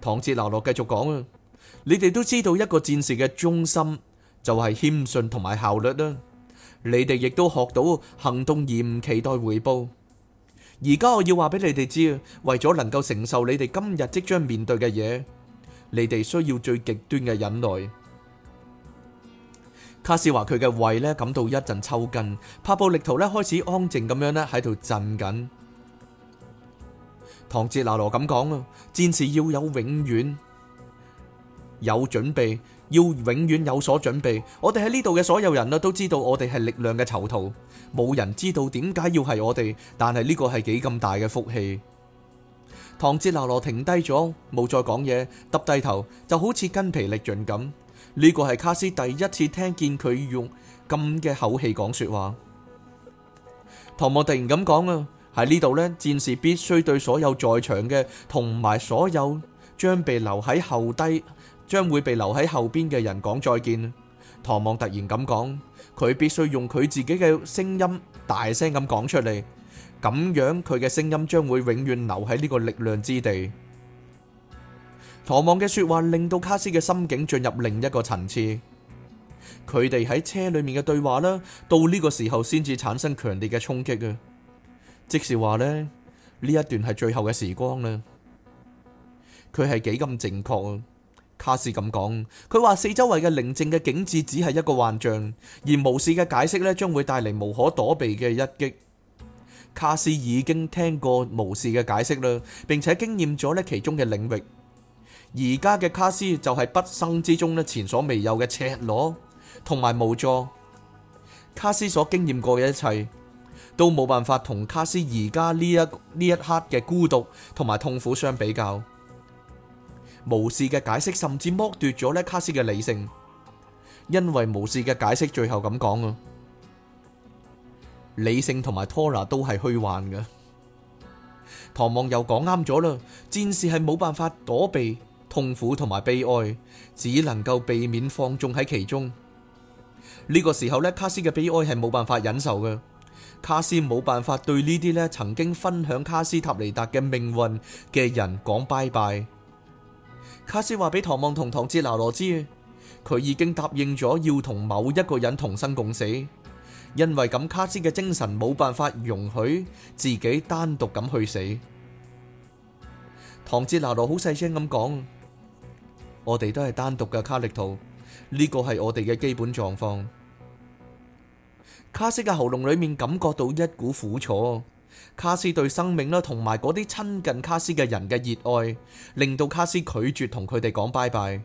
[SPEAKER 2] 唐哲拿羅繼續講啊，你哋都知道一個戰士嘅忠心就係、是、謙遜同埋效率啦。你哋亦都學到行動而唔期待回報。而家我要話俾你哋知，為咗能夠承受你哋今日即將面對嘅嘢，你哋需要最極端嘅忍耐。卡斯話佢嘅胃咧感到一陣抽筋，拍布力圖咧開始安靜咁樣咧喺度震緊。唐哲拿羅咁講啊，戰士要有永遠有準備，要永遠有所準備。我哋喺呢度嘅所有人啊，都知道我哋係力量嘅囚徒，冇人知道點解要係我哋，但係呢個係幾咁大嘅福氣。唐哲拿羅停低咗，冇再講嘢，耷低頭就好似筋疲力盡咁。呢個係卡斯第一次聽見佢用咁嘅口氣講說話。唐望突然咁講啊，喺呢度呢，戰士必須對所有在場嘅，同埋所有將被留喺後低，將會被留喺後邊嘅人講再見。唐望突然咁講，佢必須用佢自己嘅聲音大聲咁講出嚟，咁樣佢嘅聲音將會永遠留喺呢個力量之地。唐望嘅說話令到卡斯嘅心境進入另一個層次。佢哋喺車裏面嘅對話啦，到呢個時候先至產生強烈嘅衝擊啊！即是話呢，呢一段係最後嘅時光啦。佢係幾咁正確啊？卡斯咁講，佢話四周圍嘅寧靜嘅景致只係一個幻象，而無視嘅解釋咧將會帶嚟無可躲避嘅一擊。卡斯已經聽過無視嘅解釋啦，並且經驗咗呢其中嘅領域。而家嘅卡斯就係畢生之中咧，前所未有嘅赤裸同埋無助。卡斯所經驗過嘅一切，都冇辦法同卡斯而家呢一呢一刻嘅孤獨同埋痛苦相比較。巫士嘅解釋甚至剝奪咗咧卡斯嘅理性，因為巫士嘅解釋最後咁講啊，理性同埋拖拉都係虛幻嘅。唐望又講啱咗啦，戰士係冇辦法躲避。痛苦同埋悲哀，只能夠避免放縱喺其中。呢個時候咧，卡斯嘅悲哀係冇辦法忍受嘅。卡斯冇辦法對呢啲咧曾經分享卡斯塔尼達嘅命運嘅人講拜拜。卡斯話俾唐望同唐哲拿羅知，佢已經答應咗要同某一個人同生共死，因為咁卡斯嘅精神冇辦法容許自己單獨咁去死。唐哲拿羅好細聲咁講。我哋都係單獨嘅卡力圖，呢個係我哋嘅基本狀況。卡斯嘅喉嚨裏面感覺到一股苦楚。卡斯對生命啦，同埋嗰啲親近卡斯嘅人嘅熱愛，令到卡斯拒絕同佢哋講拜拜。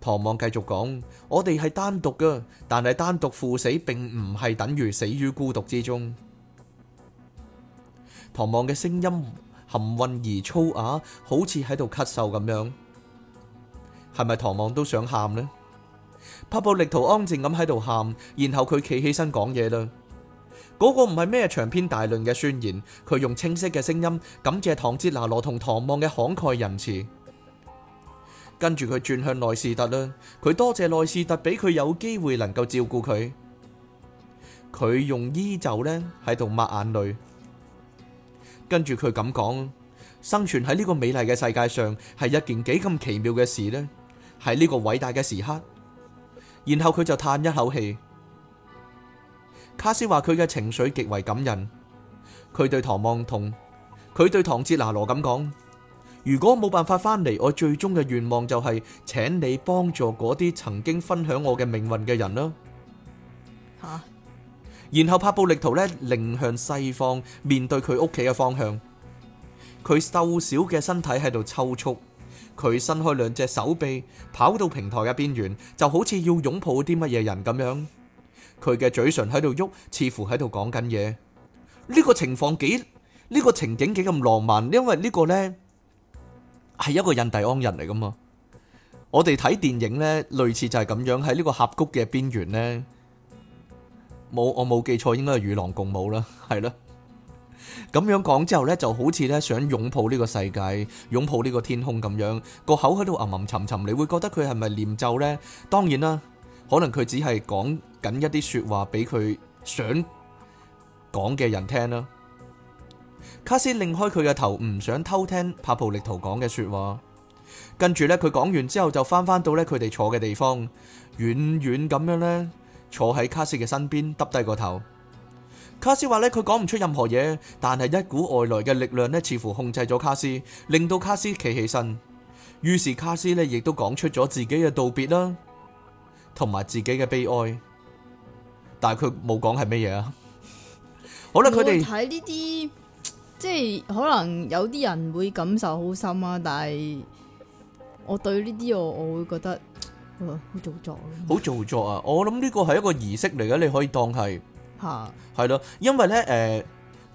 [SPEAKER 2] 唐望繼續講：我哋係單獨嘅，但係單獨赴死並唔係等於死於孤獨之中。唐望嘅聲音。含混而粗啞，啊，好似喺度咳嗽咁樣，係咪唐望都想喊呢？帕布力圖安靜咁喺度喊，然後佢企起身講嘢啦。嗰、嗰個唔係咩長篇大論嘅宣言，佢用清晰嘅聲音感謝唐哲拿羅同唐望嘅慷慨仁慈。跟住佢轉向內士特啦，佢多謝內士特俾佢有機會能夠照顧佢。佢用衣袖呢喺度抹眼淚。跟住佢咁講，生存喺呢個美麗嘅世界上係一件幾咁奇妙嘅事呢，係呢個偉大嘅時刻。然後佢就嘆一口氣。卡斯話佢嘅情緒極為感人，佢對唐望同佢對唐哲拿羅咁講：如果冇辦法返嚟，我最終嘅願望就係請你幫助嗰啲曾經分享我嘅命運嘅人啦。
[SPEAKER 1] 啊！
[SPEAKER 2] 然後拍布力圖咧，凝向西方，面對佢屋企嘅方向，佢瘦小嘅身體喺度抽搐，佢伸開兩隻手臂，跑到平台嘅邊緣，就好似要擁抱啲乜嘢人咁樣。佢嘅嘴唇喺度喐，似乎喺度講緊嘢。呢個情況幾，呢個情景幾咁浪漫，因為呢個咧係一個印第安人嚟㗎嘛。我哋睇電影咧，類似就係咁樣喺呢個峽谷嘅邊緣咧。冇，我冇記錯，應該係與狼共舞啦，係咯。咁 樣講之後呢，就好似呢想擁抱呢個世界，擁抱呢個天空咁樣。個口喺度吟吟沉沉，你會覺得佢係咪唸咒呢？當然啦，可能佢只係講緊一啲説話俾佢想講嘅人聽啦。卡斯擰開佢嘅頭，唔想偷聽帕布力圖講嘅説話。跟住呢，佢講完之後就翻返到呢佢哋坐嘅地方，遠遠咁樣呢。坐喺卡斯嘅身邊，耷低個頭。卡斯話咧，佢講唔出任何嘢，但係一股外來嘅力量咧，似乎控制咗卡斯，令到卡斯企起身。於是卡斯咧，亦都講出咗自己嘅道別啦，同埋自己嘅悲哀。但係佢冇講係乜嘢啊？可能佢哋睇呢
[SPEAKER 1] 啲，即係 可能有啲人會感受好深啊。但係我對呢啲，我我會覺得。好
[SPEAKER 2] 做作咯，好做作啊！我諗呢個係一個儀式嚟嘅，你可以當係吓，係咯，因為咧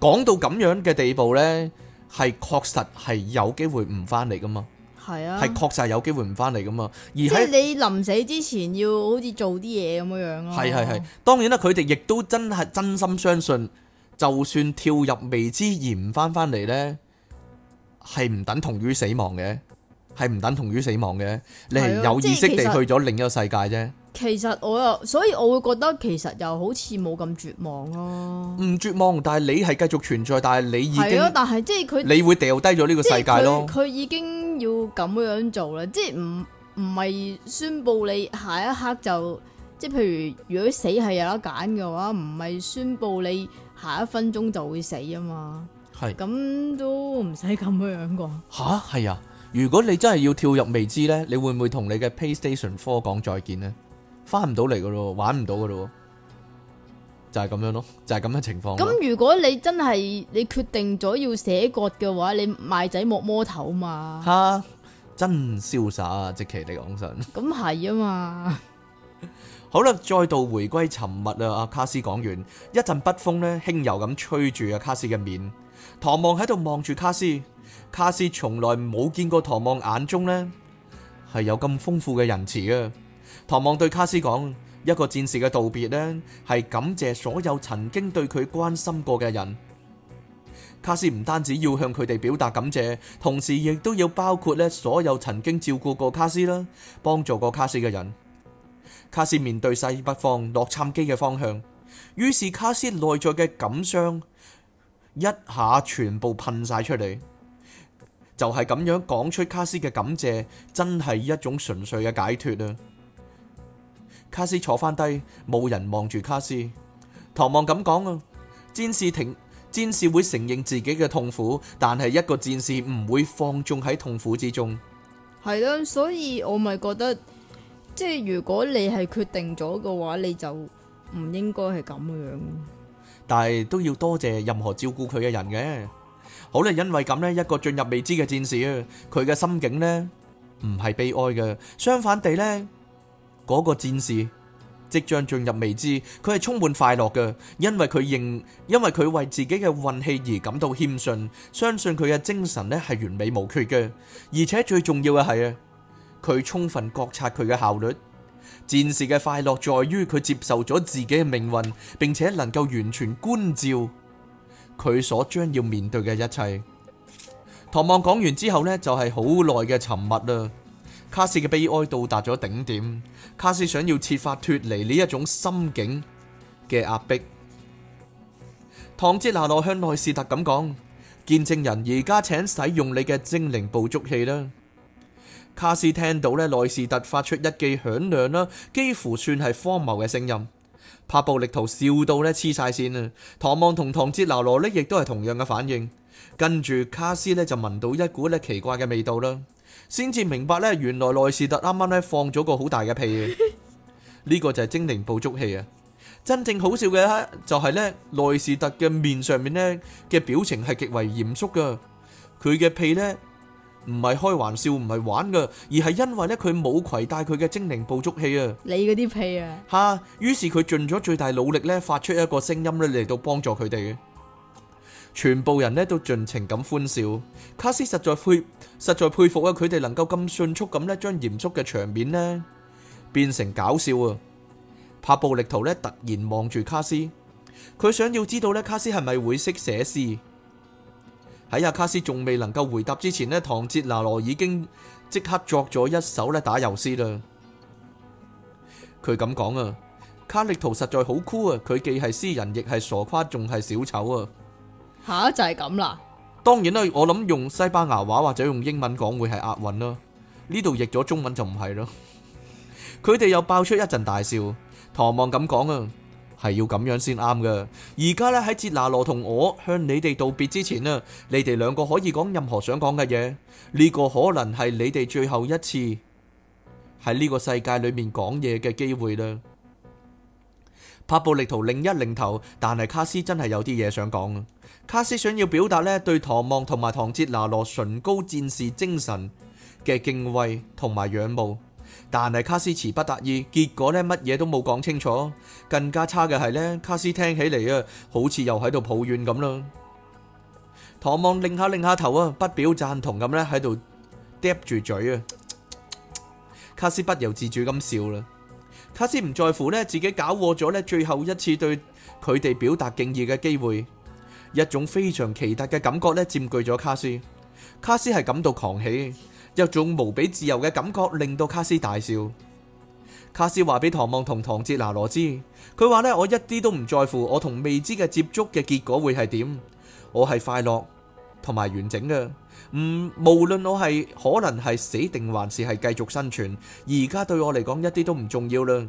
[SPEAKER 2] 誒，講到咁樣嘅地步咧，係確實係有機會唔翻嚟噶嘛，
[SPEAKER 1] 係啊，係確
[SPEAKER 2] 實係有機會唔翻嚟噶嘛，而係你
[SPEAKER 1] 臨死之前要好似做啲嘢咁樣樣咯，係係係，
[SPEAKER 2] 當然啦，佢哋亦都真係真心相信，就算跳入未知而唔翻翻嚟咧，係唔等同於死亡嘅。係唔等同於死亡嘅，你係有意識地去咗另一個世界啫。
[SPEAKER 1] 其實我又，所以我會覺得其實又好似冇咁絕望咯
[SPEAKER 2] 啊。唔絕望，但係你係繼續存在，但係你已經，
[SPEAKER 1] 但係即係佢，你會掉低咗呢個世界咯。佢已經要咁樣做啦，即係唔唔係宣布你下一刻就，即係譬如如果死係有得揀嘅話，唔係宣布你下一分鐘就會死啊嘛。係咁都唔使咁樣樣啩？吓
[SPEAKER 2] 係啊。如果你真係要跳入未知呢，你會唔會同你嘅 PlayStation Four 講再見呢？翻唔到嚟噶咯，玩唔到噶咯，就係、是、咁樣咯，就係咁嘅情況。咁
[SPEAKER 1] 如果你真係你決定咗要寫割嘅話，你賣仔莫摸頭嘛？吓，
[SPEAKER 2] 真瀟灑啊！杰奇神，你講真。
[SPEAKER 1] 咁係啊嘛。
[SPEAKER 2] 好啦，再度回歸沉默啊！阿卡斯講完，一陣北風呢輕柔咁吹住阿、啊、卡斯嘅面，唐望喺度望住卡斯。卡斯從來冇見過唐望眼中呢係有咁豐富嘅仁慈啊！唐望對卡斯講：一個戰士嘅道別呢係感謝所有曾經對佢關心過嘅人。卡斯唔單止要向佢哋表達感謝，同時亦都要包括呢所有曾經照顧過卡斯啦、幫助過卡斯嘅人。卡斯面對西北方洛杉磯嘅方向，於是卡斯內在嘅感傷一下全部噴晒出嚟。就係咁樣講出卡斯嘅感謝，真係一種純粹嘅解脫啊。卡斯坐翻低，冇人望住卡斯。唐望咁講啊，戰士停，戰士會承認自己嘅痛苦，但係一個戰士唔會放縱喺痛苦之中。
[SPEAKER 1] 係啦，所以我咪覺得，即係如果你係決定咗嘅話，你就唔應該係咁樣。
[SPEAKER 2] 但係都要多謝任何照顧佢嘅人嘅。好咧，因為咁咧，一個進入未知嘅戰士啊，佢嘅心境咧唔係悲哀嘅，相反地咧，嗰個戰士即將進入未知，佢係充滿快樂嘅，因為佢認，因為佢為自己嘅運氣而感到謙遜，相信佢嘅精神咧係完美無缺嘅，而且最重要嘅係啊，佢充分覺察佢嘅效率。戰士嘅快樂在於佢接受咗自己嘅命運，並且能夠完全觀照。佢所將要面對嘅一切。唐望講完之後呢，就係好耐嘅沉默啦。卡斯嘅悲哀到達咗頂點，卡斯想要設法脱離呢一種心境嘅壓迫。唐吉娜洛向內斯特咁講：見證人而家請使用你嘅精靈捕捉器啦。卡斯聽到咧，內斯特發出一記響亮啦，幾乎算係荒謬嘅聲音。拍布力圖笑到咧黐晒線啊！唐望同唐哲流羅呢亦都係同樣嘅反應，跟住卡斯呢就聞到一股咧奇怪嘅味道啦，先至明白呢，原來內士特啱啱呢放咗個好大嘅屁，呢 個就係精靈捕捉器啊！真正好笑嘅就係呢內士特嘅面上面呢嘅表情係極為嚴肅噶，佢嘅屁呢。唔係開玩笑，唔係玩噶，而係因為咧佢冇攜帶佢嘅精靈捕捉器啊！
[SPEAKER 1] 你嗰啲屁啊！
[SPEAKER 2] 吓、啊，於是佢盡咗最大努力咧，發出一個聲音咧嚟，到幫助佢哋嘅。全部人咧都盡情咁歡笑。卡斯實在佩，實在佩服啊！佢哋能夠咁迅速咁咧，將嚴肅嘅場面咧變成搞笑啊！帕布力圖咧突然望住卡斯，佢想要知道咧卡斯係咪會識寫詩。喺阿卡斯仲未能夠回答之前呢，唐哲拿羅已經即刻作咗一首咧打油詩啦。佢咁講啊，卡力圖實在好酷啊！佢既係詩人，亦係傻瓜，仲係小丑啊！
[SPEAKER 1] 吓、啊、就係咁啦。
[SPEAKER 2] 當然啦，我諗用西班牙話或者用英文講會係押韻咯。呢度譯咗中文就唔係咯。佢 哋又爆出一陣大笑。唐望咁講啊。係要咁樣先啱㗎。而家呢，喺哲拿羅同我向你哋道別之前呢，你哋兩個可以講任何想講嘅嘢。呢、這個可能係你哋最後一次喺呢個世界裏面講嘢嘅機會啦。帕布力圖擰一擰頭，但係卡斯真係有啲嘢想講。卡斯想要表達呢，對唐望同埋唐哲拿羅崇高戰士精神嘅敬畏同埋仰慕。但係卡斯詞不達意，結果呢乜嘢都冇講清楚。更加差嘅係呢，卡斯聽起嚟啊，好似又喺度抱怨咁啦。唐望擰下擰下頭啊，不表贊同咁呢喺度嗒住嘴啊。卡斯不由自主咁笑啦。卡斯唔在乎呢，自己搞禍咗呢，最後一次對佢哋表達敬意嘅機會，一種非常奇特嘅感覺呢，佔據咗卡斯。卡斯係感到狂喜。有一種無比自由嘅感覺令到卡斯大笑。卡斯話俾唐望同唐哲拿羅知，佢話呢，我一啲都唔在乎，我同未知嘅接觸嘅結果會係點，我係快樂同埋完整嘅。唔、嗯，無論我係可能係死定還是係繼續生存，而家對我嚟講一啲都唔重要啦。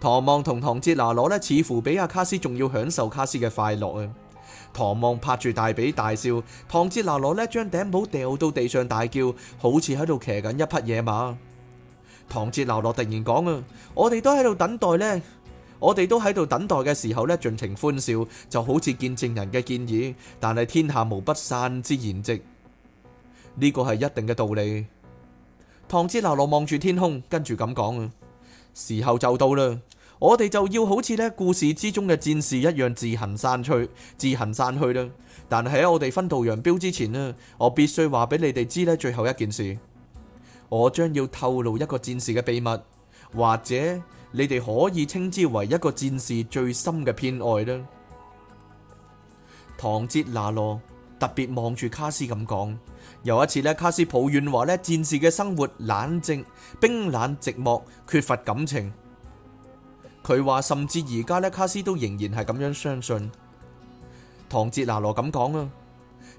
[SPEAKER 2] 唐望同唐哲拿羅呢，似乎比阿卡斯仲要享受卡斯嘅快樂啊。唐望拍住大髀大笑，唐哲拿羅呢，將頂帽掉到地上大叫，好似喺度騎緊一匹野馬。唐哲拿羅突然講啊，我哋都喺度等待呢，我哋都喺度等待嘅時候呢，盡情歡笑就好似見證人嘅建議，但係天下無不散之筵席，呢個係一定嘅道理。唐哲拿羅望住天空，跟住咁講啊，時候就到啦。我哋就要好似呢故事之中嘅戰士一樣自行散去，自行散去啦。但係喺我哋分道揚鑣之前呢，我必須話俾你哋知呢最後一件事，我將要透露一個戰士嘅秘密，或者你哋可以稱之為一個戰士最深嘅偏愛啦。唐哲那羅特別望住卡斯咁講，有一次呢，卡斯抱怨話呢戰士嘅生活冷靜、冰冷、寂寞、缺乏感情。佢話，甚至而家咧，卡斯都仍然係咁樣相信唐哲拿羅咁講啊。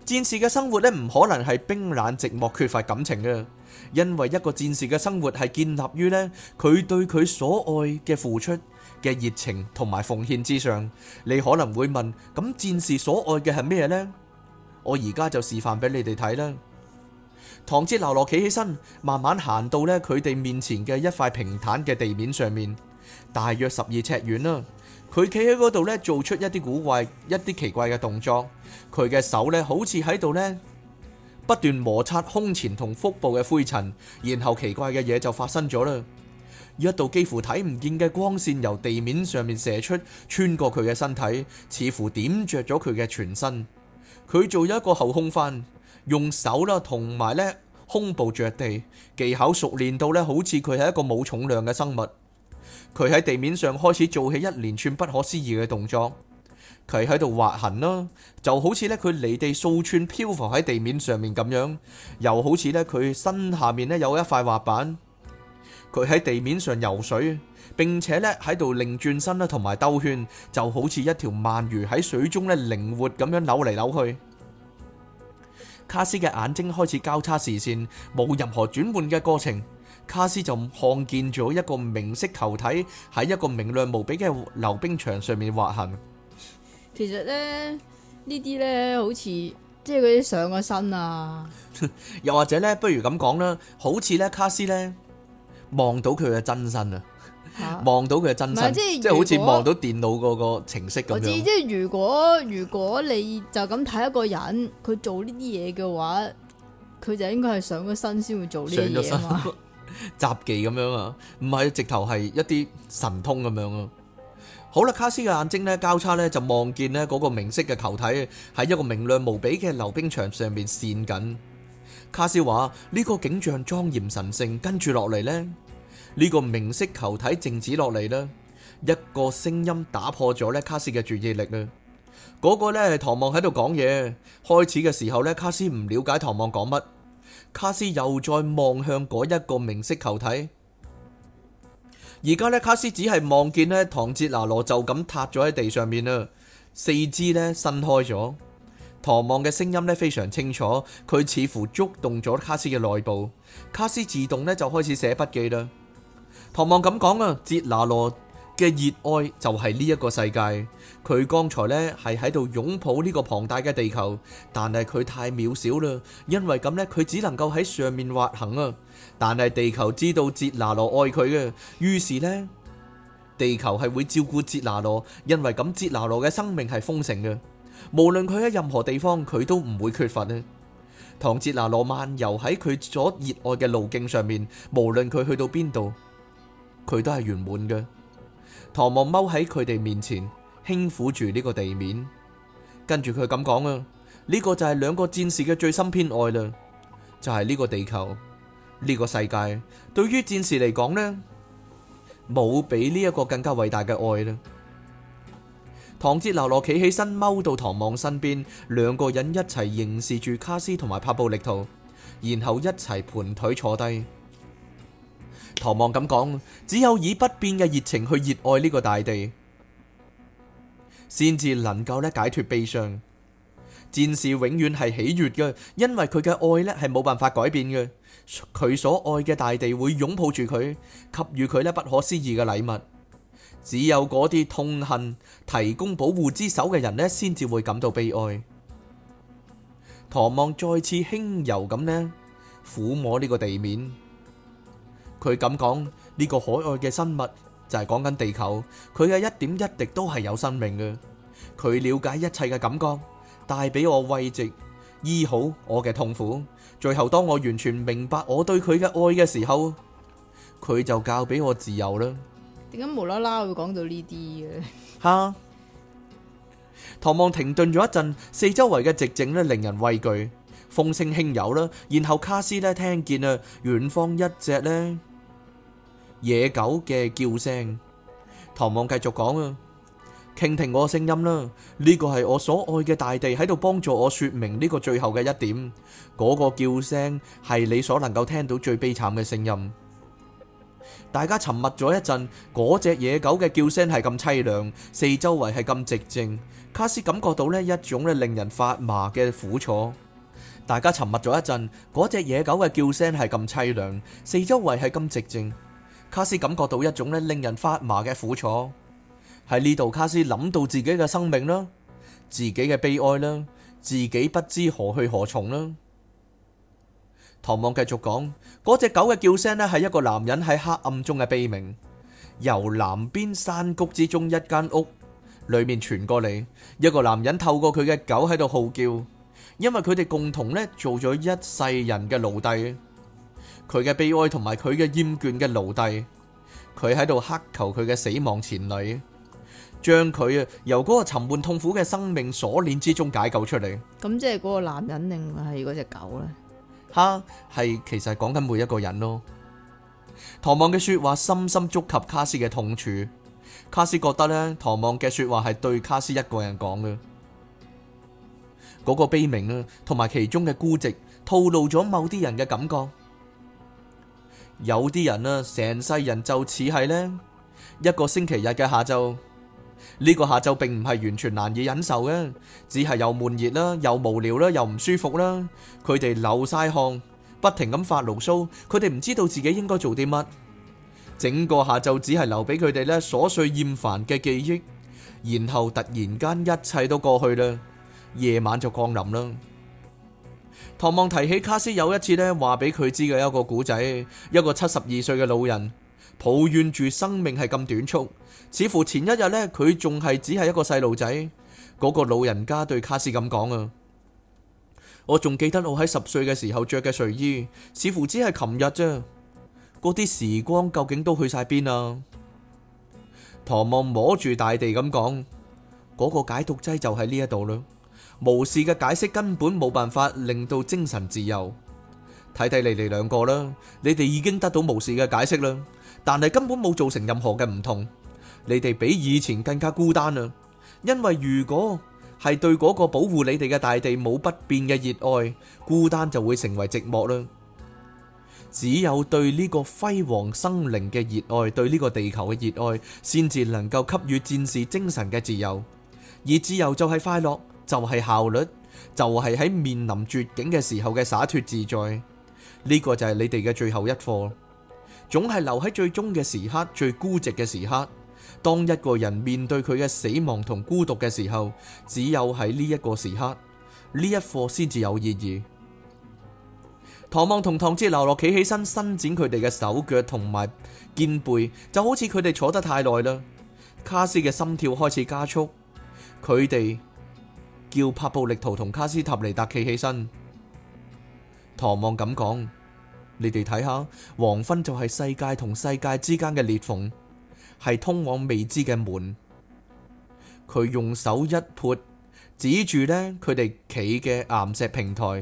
[SPEAKER 2] 戰士嘅生活呢，唔可能係冰冷、寂寞、缺乏感情噶，因為一個戰士嘅生活係建立於呢，佢對佢所愛嘅付出嘅熱情同埋奉獻之上。你可能會問，「咁戰士所愛嘅係咩呢？」我而家就示範俾你哋睇啦。唐哲拿羅企起身，慢慢行到呢佢哋面前嘅一塊平坦嘅地面上面。大約十二尺遠啦，佢企喺嗰度咧，做出一啲古怪、一啲奇怪嘅動作。佢嘅手咧，好似喺度咧不斷摩擦胸前同腹部嘅灰塵，然後奇怪嘅嘢就發生咗啦。一道幾乎睇唔見嘅光線由地面上面射出，穿過佢嘅身體，似乎點着咗佢嘅全身。佢做咗一個後空翻，用手啦同埋咧胸部着地，技巧熟練到咧，好似佢係一個冇重量嘅生物。佢喺地面上開始做起一連串不可思議嘅動作，佢喺度滑行啦，就好似咧佢離地數寸漂浮喺地面上面咁樣，又好似咧佢身下面咧有一塊滑板，佢喺地面上游水，並且咧喺度擰轉身啦同埋兜圈，就好似一條鰻魚喺水中咧靈活咁樣扭嚟扭去。卡斯嘅眼睛開始交叉視線，冇任何轉換嘅過程。卡斯就看見咗一個明色球體喺一個明亮無比嘅溜冰場上面滑行。
[SPEAKER 1] 其實咧，呢啲咧好似即係佢啲上個身啊，
[SPEAKER 2] 又或者咧，不如咁講啦，好似咧卡斯咧望到佢嘅真身啊，望到佢嘅真身，啊、真身即係好似望到電腦嗰個程式咁樣。我知即
[SPEAKER 1] 係如果如果你就咁睇一個人，佢做呢啲嘢嘅話，佢就應該係上個身先會做呢啲嘢嘛。
[SPEAKER 2] 雜技咁樣啊，唔係直頭係一啲神通咁樣啊。好啦，卡斯嘅眼睛呢交叉呢，就望見呢嗰個明色嘅球體喺一個明亮無比嘅溜冰場上面閃緊。卡斯話呢個景象莊嚴神聖，跟住落嚟呢，呢個明色球體靜止落嚟呢，一個聲音打破咗呢卡斯嘅注意力啦，嗰個呢，唐望喺度講嘢。開始嘅時候呢，卡斯唔了解唐望講乜。卡斯又再望向嗰一個明色球體，而家呢，卡斯只係望見呢唐哲拿羅就咁撻咗喺地上面啦，四肢呢伸開咗。唐望嘅聲音呢非常清楚，佢似乎觸動咗卡斯嘅內部，卡斯自動呢就開始寫筆記啦。唐望咁講啊，哲拿羅嘅熱愛就係呢一個世界。佢剛才咧係喺度擁抱呢個龐大嘅地球，但係佢太渺小啦，因為咁呢，佢只能夠喺上面滑行啊！但係地球知道捷拿羅愛佢嘅，於是呢，地球係會照顧捷，捷拿羅，因為咁捷拿羅嘅生命係豐盛嘅，無論佢喺任何地方，佢都唔會缺乏啊！唐捷拿羅漫遊喺佢所熱愛嘅路徑上面，無論佢去到邊度，佢都係圓滿嘅。唐望踎喺佢哋面前。輕撫住呢個地面，跟住佢咁講啊！呢、這個就係兩個戰士嘅最深偏愛啦，就係、是、呢個地球，呢、這個世界，對於戰士嚟講呢，冇比呢一個更加偉大嘅愛啦。唐哲流羅企起身，踎到唐望身邊，兩個人一齊凝視住卡斯同埋帕布力圖，然後一齊盤腿坐低。唐望咁講：只有以不變嘅熱情去熱愛呢個大地。先至能夠咧解脱悲傷，戰士永遠係喜悦嘅，因為佢嘅愛咧係冇辦法改變嘅，佢所愛嘅大地會擁抱住佢，給予佢咧不可思議嘅禮物。只有嗰啲痛恨提供保護之手嘅人咧，先至會感到悲哀。唐望再次輕柔咁咧撫摸呢個地面，佢咁講，呢個可愛嘅生物，就係講緊地球，佢嘅一點一滴都係有生命嘅。佢了解一切嘅感覺，帶俾我慰藉、醫好我嘅痛苦。最後當我完全明白我對佢嘅愛嘅時候，佢就教俾我自由啦。
[SPEAKER 1] 點解無啦啦會講到呢啲嘅？
[SPEAKER 2] 吓，唐望停頓咗一陣，四周圍嘅寂靜咧令人畏懼，風聲輕柔啦。然後卡斯咧聽見啊，遠方一隻咧。野狗嘅叫聲，唐望繼續講啊，傾聽我聲音啦，呢個係我所愛嘅大地喺度幫助我說明呢個最後嘅一點。嗰個叫聲係你所能夠聽到最悲慘嘅聲音。大家沉默咗一陣，嗰隻野狗嘅叫聲係咁淒涼，四周圍係咁寂靜。卡斯感覺到呢一種呢令人發麻嘅苦楚。大家沉默咗一陣，嗰隻野狗嘅叫聲係咁淒涼，四周圍係咁寂靜。卡斯感覺到一種咧令人發麻嘅苦楚，喺呢度卡斯諗到自己嘅生命啦，自己嘅悲哀啦，自己不知何去何從啦。唐望繼續講，嗰隻狗嘅叫聲咧係一個男人喺黑暗中嘅悲鳴，由南邊山谷之中一間屋裏面傳過嚟，一個男人透過佢嘅狗喺度號叫，因為佢哋共同咧做咗一世人嘅奴隸。佢嘅悲哀同埋佢嘅厭倦嘅奴隸，佢喺度乞求佢嘅死亡前女，將佢啊由嗰個沉悶痛苦嘅生命鎖鏈之中解救出嚟。
[SPEAKER 1] 咁即係嗰個男人，定係嗰隻狗呢？
[SPEAKER 2] 吓，係其實係講緊每一個人咯。唐望嘅說話深深觸及卡斯嘅痛處，卡斯覺得呢，唐望嘅說話係對卡斯一個人講嘅。嗰、嗰個悲鳴啊，同埋其中嘅孤寂，透露咗某啲人嘅感覺。有啲人啊，成世人就似係呢一個星期日嘅下晝，呢個下晝並唔係完全難以忍受嘅，只係又悶熱啦，又無聊啦，又唔舒服啦。佢哋流晒汗，不停咁發牢騷，佢哋唔知道自己應該做啲乜。整個下晝只係留俾佢哋咧瑣碎厭煩嘅記憶，然後突然間一切都過去啦，夜晚就降臨啦。唐望提起卡斯有一次咧，話俾佢知嘅一個古仔，一個七十二歲嘅老人抱怨住生命係咁短促，似乎前一日呢，佢仲係只係一個細路仔。嗰個老人家對卡斯咁講啊，我仲記得我喺十歲嘅時候着嘅睡衣，似乎只係琴日啫。嗰啲時光究竟都去晒邊啊？唐望摸住大地咁講，嗰個解毒劑就喺呢一度啦。巫士嘅解釋根本冇辦法令到精神自由。睇睇你哋兩個啦，你哋已經得到巫士嘅解釋啦，但係根本冇造成任何嘅唔同。你哋比以前更加孤單啦，因為如果係對嗰個保護你哋嘅大地冇不變嘅熱愛，孤單就會成為寂寞啦。只有對呢個輝煌生靈嘅熱愛，對呢個地球嘅熱愛，先至能夠給予戰士精神嘅自由，而自由就係快樂。就係效率，就係、是、喺面臨絕境嘅時候嘅灑脫自在。呢、這個就係你哋嘅最後一課，總係留喺最終嘅時刻、最孤寂嘅時刻。當一個人面對佢嘅死亡同孤獨嘅時候，只有喺呢一個時刻，呢一課先至有意義。唐望同唐志流落企起身，伸展佢哋嘅手腳同埋肩背，就好似佢哋坐得太耐啦。卡斯嘅心跳開始加速，佢哋。叫帕布力圖同卡斯塔尼達企起身，唐望咁講：你哋睇下，黃昏就係世界同世界之間嘅裂縫，係通往未知嘅門。佢用手一潑指住呢佢哋企嘅岩石平台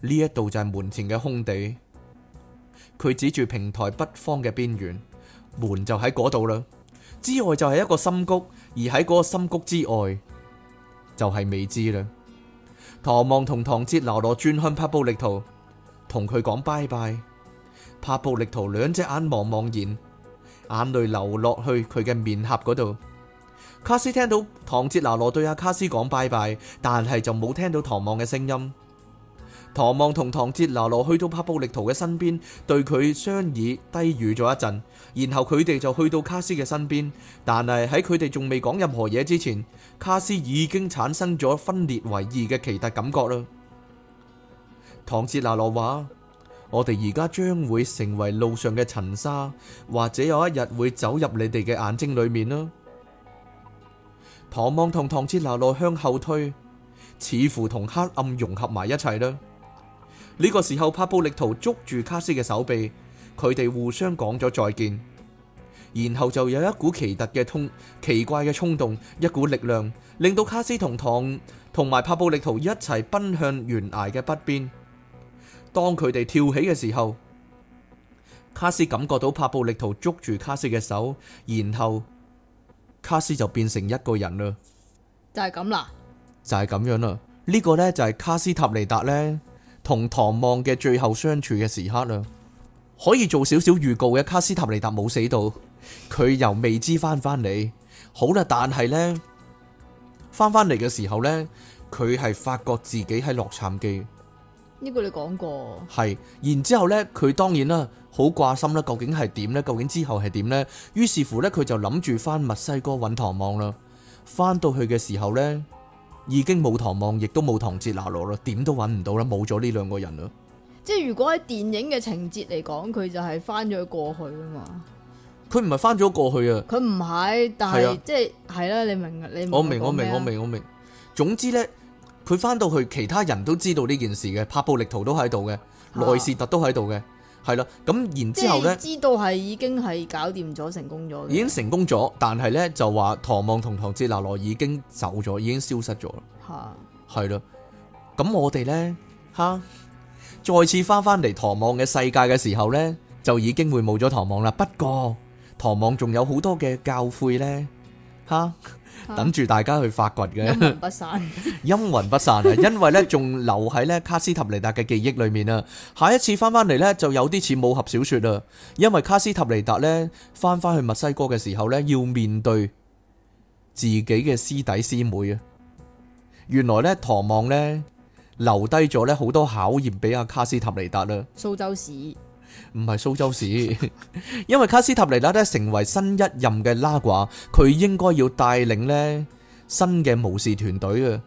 [SPEAKER 2] 呢一度就係門前嘅空地。佢指住平台北方嘅邊緣，門就喺嗰度啦。之外就係一個深谷，而喺嗰個深谷之外。就係未知啦。唐望同唐哲拿羅轉向帕布力圖，同佢講拜拜。帕布力圖兩隻眼茫茫然，眼淚流落去佢嘅面頰嗰度。卡斯聽到唐哲拿羅對阿、啊、卡斯講拜拜，但係就冇聽到唐望嘅聲音。唐望同唐哲拿羅去到帕布力圖嘅身邊，對佢雙耳低語咗一陣，然後佢哋就去到卡斯嘅身邊。但係喺佢哋仲未講任何嘢之前，卡斯已經產生咗分裂為二嘅奇特感覺啦。唐哲拿羅話：我哋而家將會成為路上嘅塵沙，或者有一日會走入你哋嘅眼睛裏面啦。唐望同唐哲拿羅向後退，似乎同黑暗融合埋一齊啦。呢個時候，帕布力圖捉住卡斯嘅手臂，佢哋互相講咗再見，然後就有一股奇特嘅通奇怪嘅衝動，一股力量令到卡斯同唐同埋帕布力圖一齊奔向懸崖嘅北邊。當佢哋跳起嘅時候，卡斯感覺到帕布力圖捉住卡斯嘅手，然後卡斯就變成一個人啦。
[SPEAKER 1] 就係咁啦，
[SPEAKER 2] 就係咁樣啦。呢、這個呢，就係、是、卡斯塔尼達呢，同唐望嘅最後相處嘅時刻啦，可以做少少預告嘅。卡斯塔尼達冇死到，佢又未知翻返嚟。好啦，但係呢，翻返嚟嘅時候呢，佢係發覺自己喺洛杉磯。
[SPEAKER 1] 呢個你講過，
[SPEAKER 2] 係，然之後呢，佢當然啦，好掛心啦，究竟係點呢？究竟之後係點呢？於是乎呢，佢就諗住翻墨西哥揾唐望啦。翻到去嘅時候呢。已經冇唐望，亦都冇唐哲拿羅啦，點都揾唔到啦，冇咗呢兩個人啦。
[SPEAKER 1] 即係如果喺電影嘅情節嚟講，佢就係翻咗去過去啊嘛。
[SPEAKER 2] 佢唔係翻咗過去啊，佢
[SPEAKER 1] 唔係，但係即係係啦，你明？你明我明，我明，我明，我明，
[SPEAKER 2] 我明。總之咧，佢翻到去，其他人都知道呢件事嘅，拍布力圖都喺度嘅，內斯、啊、特都喺度嘅。係啦，咁然之後呢，知
[SPEAKER 1] 道係已經係搞掂咗，成功咗。已
[SPEAKER 2] 經成功咗，但係呢，就話，唐望同唐哲拿羅已經走咗，已經消失咗啦。吓哈，係咯，咁我哋呢，吓，再次翻翻嚟唐望嘅世界嘅時候呢，就已經會冇咗唐望啦。不過唐望仲有好多嘅教誨呢。吓。等住大家去發掘嘅，陰魂不散，陰魂不散啊！因為咧仲留喺咧卡斯塔尼達嘅記憶裏面啊，下一次翻翻嚟呢，就有啲似武俠小說啊！因為卡斯塔尼達呢，翻翻去墨西哥嘅時候呢，要面對自己嘅師弟師妹啊！原來呢，唐望呢，留低咗呢好多考驗俾阿卡斯塔尼達啦。
[SPEAKER 1] 蘇州市
[SPEAKER 2] 唔係蘇州市， 因為卡斯塔尼達咧成為新一任嘅拉瓜，佢應該要帶領咧新嘅武士團隊啊，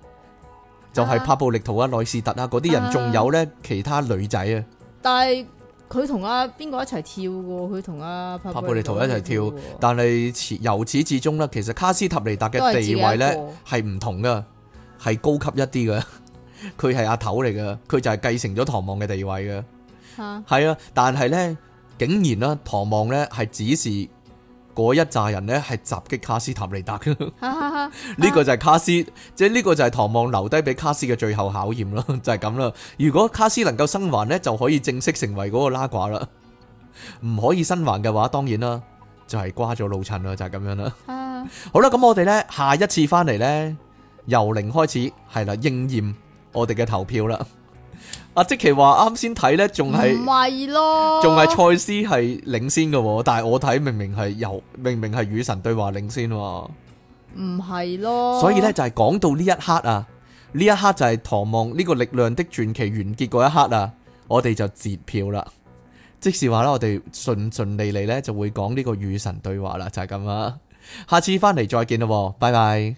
[SPEAKER 2] 就係、是、帕布力圖啊、內士特啊嗰啲人，仲有呢、啊、其他女仔啊。
[SPEAKER 1] 但係佢同阿邊個一齊跳嘅？佢同阿帕布力圖一齊跳。跳
[SPEAKER 2] 但係由始至終呢，其實卡斯塔尼達嘅地位呢係唔同嘅，係高級一啲嘅。佢係阿頭嚟嘅，佢就係繼承咗唐望嘅地位嘅。係啊，但係呢，竟然啦，唐望呢係指示嗰一紮人呢係襲擊卡斯塔尼達。呢個就係卡斯， 即係呢個就係唐望留低俾卡斯嘅最後考驗啦，就係咁啦。如果卡斯能夠生還呢，就可以正式成為嗰個拉寡啦。唔可以生還嘅話，當然啦，就係瓜咗老襯啦，就係咁樣啦。 好啦，咁我哋呢，下一次翻嚟呢，由零開始，係啦，應驗我哋嘅投票啦。阿、啊、即奇話啱先睇呢，仲係
[SPEAKER 1] 唔係咯？仲係賽
[SPEAKER 2] 斯係領先嘅，但係我睇明明係由明明係與神對話領先喎，
[SPEAKER 1] 唔係咯？所以呢，就係、
[SPEAKER 2] 是、講到呢一刻啊，呢一刻就係《唐望》呢個力量的傳奇完結嗰一刻啊，我哋就截票啦。即係話呢，我哋順順利利呢就會講呢個與神對話啦，就係咁啦。下次翻嚟再見啦，拜拜。